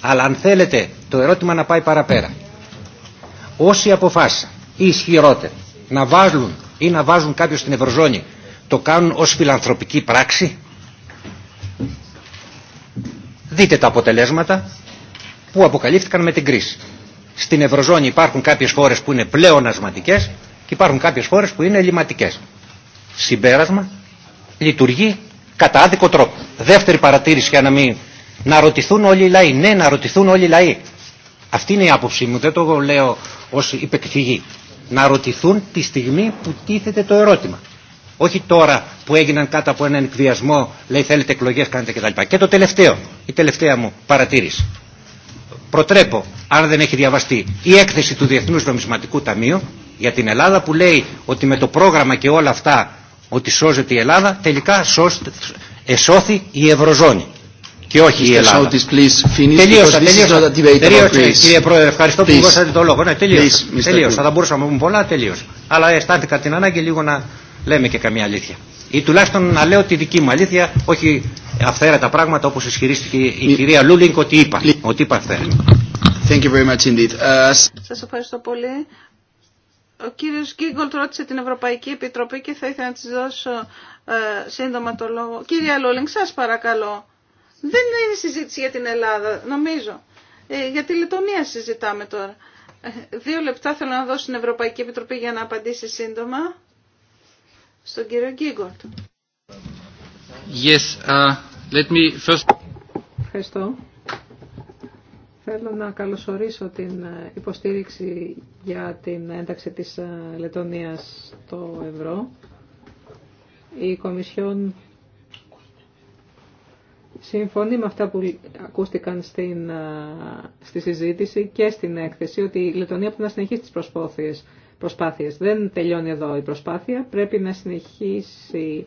[SPEAKER 2] Αλλά αν θέλετε το ερώτημα να πάει παραπέρα. Όσοι αποφάσισαν ή ισχυρότεροι να βάλουν ή να βάζουν κάποιους στην Ευρωζώνη το κάνουν ως φιλανθρωπική πράξη. Δείτε τα αποτελέσματα που αποκαλύφθηκαν με την κρίση. Στην Ευρωζώνη υπάρχουν κάποιες χώρες που είναι πλέον και υπάρχουν κάποιες χώρες που είναι ελληματικές. Συμπέρασμα, λειτουργεί κατά άδικο τρόπο. Δεύτερη παρατήρηση για να μην... Να ρωτηθούν όλοι οι λαοί. Ναι, να ρωτηθούν όλοι οι λαοί. Αυτή είναι η άποψή μου, δεν το λέω ως υπεκφυγή. Να ρωτηθούν τη στιγμή που τίθεται το ερώτημα. Όχι τώρα που έγιναν κάτω από έναν εκβιασμό, λέει θέλετε εκλογέ, κάνετε κτλ. Και το τελευταίο, η τελευταία μου παρατήρηση. Προτρέπω, αν δεν έχει διαβαστεί, η έκθεση του Διεθνού Νομισματικού Ταμείου για την Ελλάδα που λέει ότι με το πρόγραμμα και όλα αυτά ότι σώζεται η Ελλάδα, τελικά σώστε, εσώθη η Ευρωζώνη και όχι η Ελλάδα. Finish, τελείωσα, τελείωσα. Τελείωσα, κύριε Πρόεδρε, ευχαριστώ please. που δώσατε το λόγο. Ναι, τελείωσα. τελείωσα. Θα μπορούσαμε να πούμε πολλά, τελείωσα. Αλλά αισθάνθηκα την ανάγκη λίγο να λέμε και καμία αλήθεια. Ή τουλάχιστον να λέω τη δική μου αλήθεια, όχι αυθαίρετα πράγματα όπως ισχυρίστηκε η κυρία Λούλινγκ ότι είπα. Ότι είπα αυθαίρετα. Thank very much indeed. Uh,
[SPEAKER 1] ευχαριστώ πολύ. Ο κύριος Γκίγκολτ ρώτησε την Ευρωπαϊκή Επιτροπή και θα ήθελα να της δώσω ε, σύντομα το λόγο. Κύριε Λούλινγκ, σας παρακαλώ. Δεν είναι συζήτηση για την Ελλάδα, νομίζω. Ε, για τη Λετωνία συζητάμε τώρα. Ε, δύο λεπτά θέλω να δώσω στην Ευρωπαϊκή Επιτροπή για να απαντήσει σύντομα
[SPEAKER 3] στον κύριο Γκίγκολτ.
[SPEAKER 2] Yes, uh, let me first...
[SPEAKER 3] Ευχαριστώ. Θέλω να καλωσορίσω την ε, υποστήριξη για την ένταξη της ε, Λετωνίας στο ευρώ. Η Κομισιόν συμφωνεί με αυτά που ακούστηκαν στην, ε, στη συζήτηση και στην έκθεση ότι η Λετωνία πρέπει να συνεχίσει τις προσπάθειες. προσπάθειες. Δεν τελειώνει εδώ η προσπάθεια, πρέπει να συνεχίσει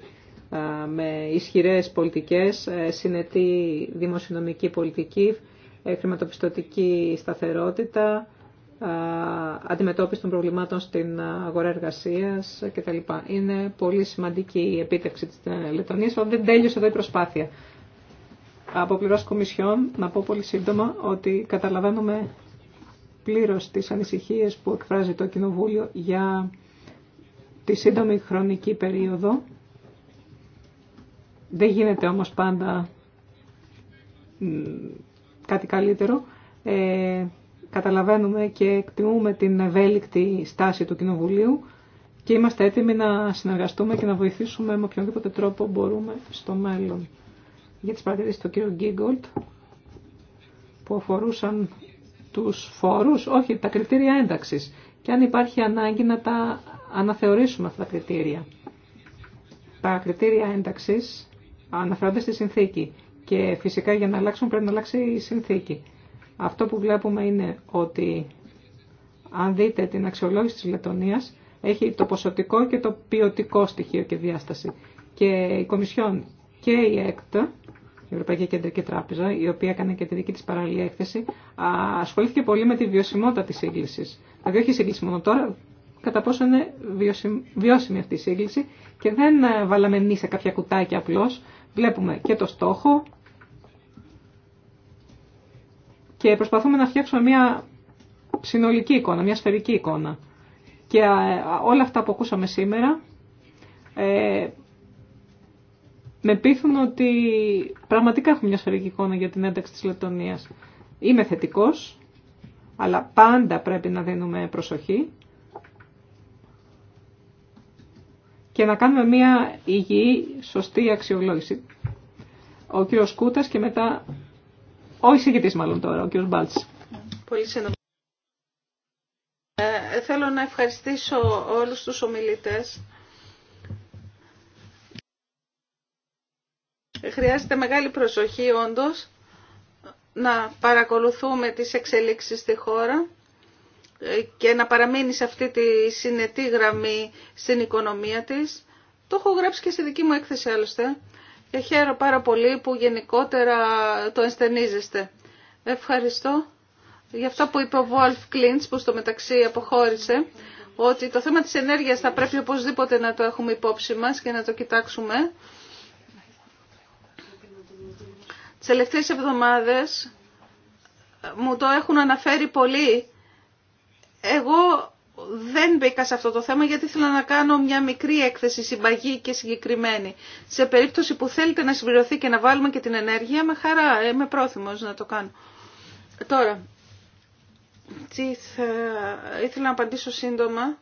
[SPEAKER 3] με ισχυρές πολιτικές, συνετή δημοσιονομική πολιτική, ε, χρηματοπιστωτική σταθερότητα, αντιμετώπιση των προβλημάτων στην αγορά εργασίας κτλ. Είναι πολύ σημαντική η επίτευξη της Λετωνίας, αλλά δεν τέλειωσε εδώ η προσπάθεια. Από πλευράς Κομισιόν, να πω πολύ σύντομα ότι καταλαβαίνουμε πλήρως τις ανησυχίες που εκφράζει το Κοινοβούλιο για τη σύντομη χρονική περίοδο. Δεν γίνεται όμως πάντα κάτι καλύτερο. Ε, καταλαβαίνουμε και εκτιμούμε την ευέλικτη στάση του Κοινοβουλίου και είμαστε έτοιμοι να συνεργαστούμε και να βοηθήσουμε με οποιονδήποτε τρόπο μπορούμε στο μέλλον. Για τις παρατηρήσεις του κύριου Γκίγκολτ που αφορούσαν τους φόρους, όχι τα κριτήρια ένταξης και αν υπάρχει ανάγκη να τα αναθεωρήσουμε αυτά τα κριτήρια. Τα κριτήρια ένταξης αναφέρονται στη συνθήκη και φυσικά για να αλλάξουν πρέπει να αλλάξει η συνθήκη. Αυτό που βλέπουμε είναι ότι αν δείτε την αξιολόγηση της Λετωνίας, έχει το ποσοτικό και το ποιοτικό στοιχείο και διάσταση. Και η Κομισιόν και η ΕΚΤ, η Ευρωπαϊκή Κεντρική Τράπεζα, η οποία έκανε και τη δική της παράλληλη έκθεση, ασχολήθηκε πολύ με τη βιωσιμότητα της σύγκλησης. Δηλαδή όχι η σύγκληση μόνο τώρα, κατά πόσο είναι βιώσιμη αυτή η σύγκληση και δεν ε, βάλαμε σε κάποια κουτάκια απλώς. Βλέπουμε και το στόχο και προσπαθούμε να φτιάξουμε μια συνολική εικόνα, μια σφαιρική εικόνα. Και όλα αυτά που ακούσαμε σήμερα ε, με πείθουν ότι πραγματικά έχουμε μια σφαιρική εικόνα για την ένταξη της Λετωνίας. Είμαι θετικός, αλλά πάντα πρέπει να δίνουμε προσοχή και να κάνουμε μια υγιή, σωστή αξιολόγηση. Ο κύριος Κούτας και μετά ο εισηγητής μάλλον τώρα, ο κ. Μπάλτς. Πολύ σύντομα.
[SPEAKER 1] Ε, θέλω να ευχαριστήσω όλους τους ομιλητές. Χρειάζεται μεγάλη προσοχή όντως να παρακολουθούμε τις εξελίξεις στη χώρα και να παραμείνει σε αυτή τη συνετή γραμμή στην οικονομία της. Το έχω γράψει και στη δική μου έκθεση άλλωστε και χαίρομαι πάρα πολύ που γενικότερα το ενστενίζεστε. Ευχαριστώ για αυτό που είπε ο Βόλφ Κλίντς που στο μεταξύ αποχώρησε ότι το θέμα της ενέργειας θα πρέπει οπωσδήποτε να το έχουμε υπόψη μας και να το κοιτάξουμε. Τις τελευταίες εβδομάδες μου το έχουν αναφέρει πολύ Εγώ δεν μπήκα σε αυτό το θέμα γιατί ήθελα να κάνω μια μικρή έκθεση συμπαγή και συγκεκριμένη. Σε περίπτωση που θέλετε να συμπληρωθεί και να βάλουμε και την ενέργεια, με χαρά, είμαι πρόθυμος να το κάνω. Τώρα, τι θα... ήθελα να απαντήσω σύντομα.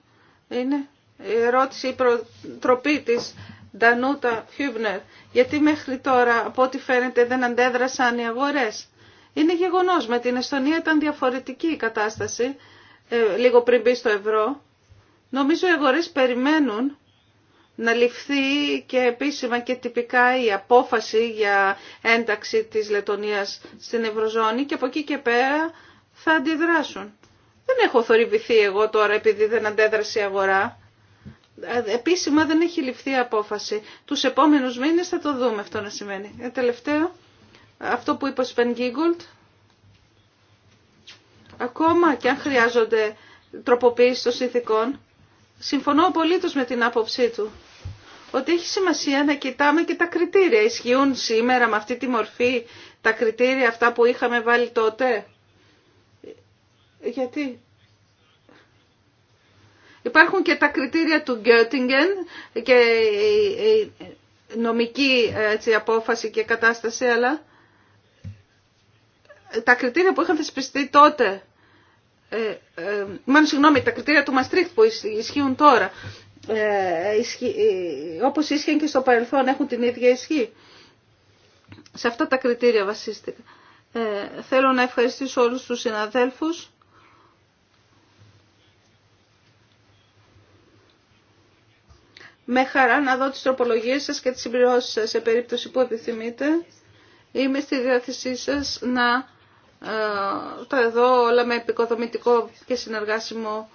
[SPEAKER 1] Είναι η ερώτηση, η προτροπή της Ντανούτα Χιούμπνερ. Γιατί μέχρι τώρα, από ό,τι φαίνεται, δεν αντέδρασαν οι αγορές. Είναι γεγονός, με την Εστονία ήταν διαφορετική η κατάσταση ε, λίγο πριν μπει στο ευρώ, νομίζω οι αγορές περιμένουν να ληφθεί και επίσημα και τυπικά η απόφαση για ένταξη της Λετωνίας στην Ευρωζώνη και από εκεί και πέρα θα αντιδράσουν. Δεν έχω θορυβηθεί εγώ τώρα επειδή δεν αντέδρασε η αγορά. Ε, επίσημα δεν έχει ληφθεί απόφαση. Τους επόμενους μήνες θα το δούμε αυτό να σημαίνει. Ε, τελευταίο, αυτό που είπε ο Σπεν ακόμα και αν χρειάζονται τροποποίηση των συνθηκών, συμφωνώ απολύτως με την άποψή του ότι έχει σημασία να κοιτάμε και τα κριτήρια. Ισχύουν σήμερα με αυτή τη μορφή τα κριτήρια αυτά που είχαμε βάλει τότε. Γιατί. Υπάρχουν και τα κριτήρια του Γκέρτιγκεν και η νομική έτσι, απόφαση και κατάσταση, αλλά τα κριτήρια που είχαν θεσπιστεί τότε, ε, ε, μάλλον συγγνώμη, τα κριτήρια του Μαστρίχτ που ισχύουν τώρα, ε, ισχύ, ε, όπως ίσχυαν και στο παρελθόν έχουν την ίδια ισχύ. Σε αυτά τα κριτήρια βασίστηκα. Ε, θέλω να ευχαριστήσω όλους τους συναδέλφους. Με χαρά να δω τις τροπολογίες σας και τις συμπληρώσεις σας σε περίπτωση που επιθυμείτε. Είμαι στη διάθεσή σας να τα εδώ όλα με επικοδομητικό και συνεργάσιμο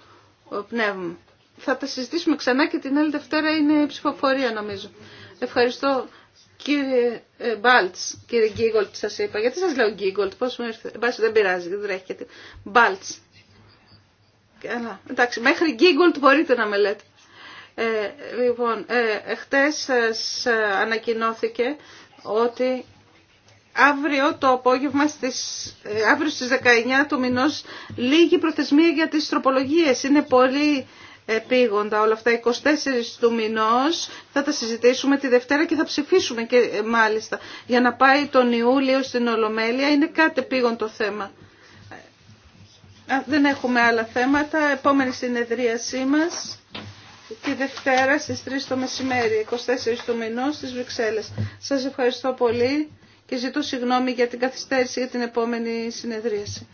[SPEAKER 1] ε, πνεύμα. Θα τα συζητήσουμε ξανά και την άλλη Δευτέρα είναι ψηφοφορία νομίζω. Ευχαριστώ κύριε ε, Μπάλτς, κύριε Γκίγκολτ σας είπα. Γιατί σας λέω Γκίγκολτ; πώς μου ήρθε. δεν πειράζει, δεν τρέχει γιατί. Μπάλτς. Καλά. Εντάξει, μέχρι Γκίγκολτ μπορείτε να με λέτε. Ε, λοιπόν, ε, χτες ε, ανακοινώθηκε ότι αύριο το απόγευμα στις, ε, αύριο στις 19 του μηνός λίγη προθεσμία για τις τροπολογίες. Είναι πολύ επίγοντα όλα αυτά. 24 του μηνός θα τα συζητήσουμε τη Δευτέρα και θα ψηφίσουμε και ε, μάλιστα. Για να πάει τον Ιούλιο στην Ολομέλεια είναι κάτι επίγον το θέμα. Δεν έχουμε άλλα θέματα. Επόμενη συνεδρίασή μας τη Δευτέρα στις 3 το μεσημέρι, 24 του μηνός στις Βρυξέλλες. Σας ευχαριστώ πολύ και ζητώ συγγνώμη για την καθυστέρηση για την επόμενη συνεδρίαση.